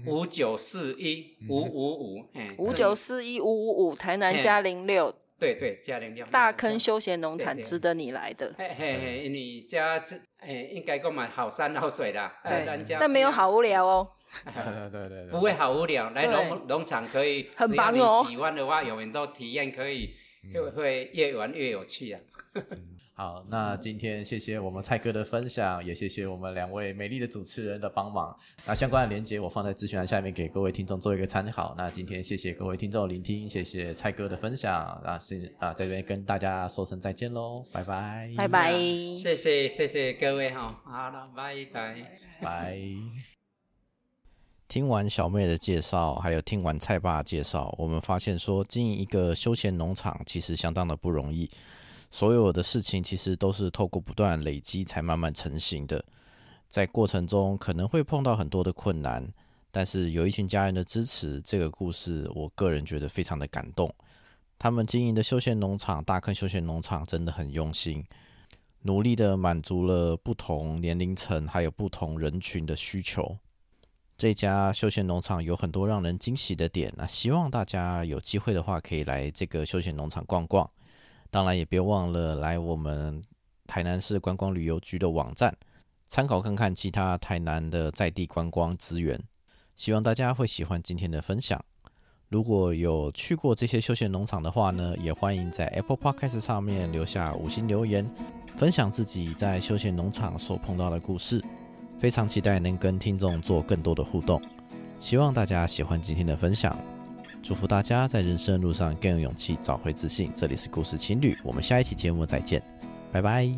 Speaker 5: 五九四一五五五，誒，五九
Speaker 2: 四一五五五，5941555, 台南加零六。
Speaker 5: 對對，家庭量大
Speaker 2: 坑休閒農場值得你來的。嘿、
Speaker 5: 欸、嘿嘿，你家這嘿、欸、應該講買好山好水啦。呃、咱家但那沒有
Speaker 2: 好無聊哦。對 [LAUGHS]
Speaker 5: 對不會好無聊。來農農場可以，很棒哦，只要你喜歡的話，永遠都體驗可以，就會越玩越有趣啊。嗯 [LAUGHS] 好，
Speaker 1: 那今天謝謝我們蔡哥的分享，也謝謝我們兩位美麗的主持人的幫忙。那相關的鏈接我放在資訊欄下面，給各位聽眾做一個參考。那今天謝謝各位聽眾的聆聽，謝謝蔡哥的分享。那先啊，在這邊跟大家說聲再見嘍，拜拜，拜拜，
Speaker 5: 謝謝謝謝各位哈，好了，拜拜，拜，拜。
Speaker 1: [LAUGHS] 聽完小妹的介紹，還有聽完蔡爸介紹，我們發現說經營一個休閒農場其實相當的不容易。所有的事情其實都是透過不斷累積才慢慢成型的，在過程中可能會碰到很多的困難，但是有一群家人的支持，這個故事我個人覺得非常的感動。他們經營的休閒農場，大坑休閒農場真的很用心，努力的滿足了不同年齡層還有不同人群的需求。這家休閒農場有很多讓人驚喜的點，啊，那希望大家有機會的話可以來這個休閒農場逛逛。當然，也別忘了來我們台南市觀光旅遊局的網站，參考看看其他台南的在地觀光資源。希望大家會喜歡今天的分享。如果有去過這些休閒農場的話呢，也歡迎在 Apple Podcast 上面留下五星留言，分享自己在休閒農場所碰到的故事。非常期待能跟聽眾做更多的互動。希望大家喜歡今天的分享。祝福大家在人生的路上更有勇氣，找回自信。這裡是故事青旅，我們下一期節目再見，拜拜。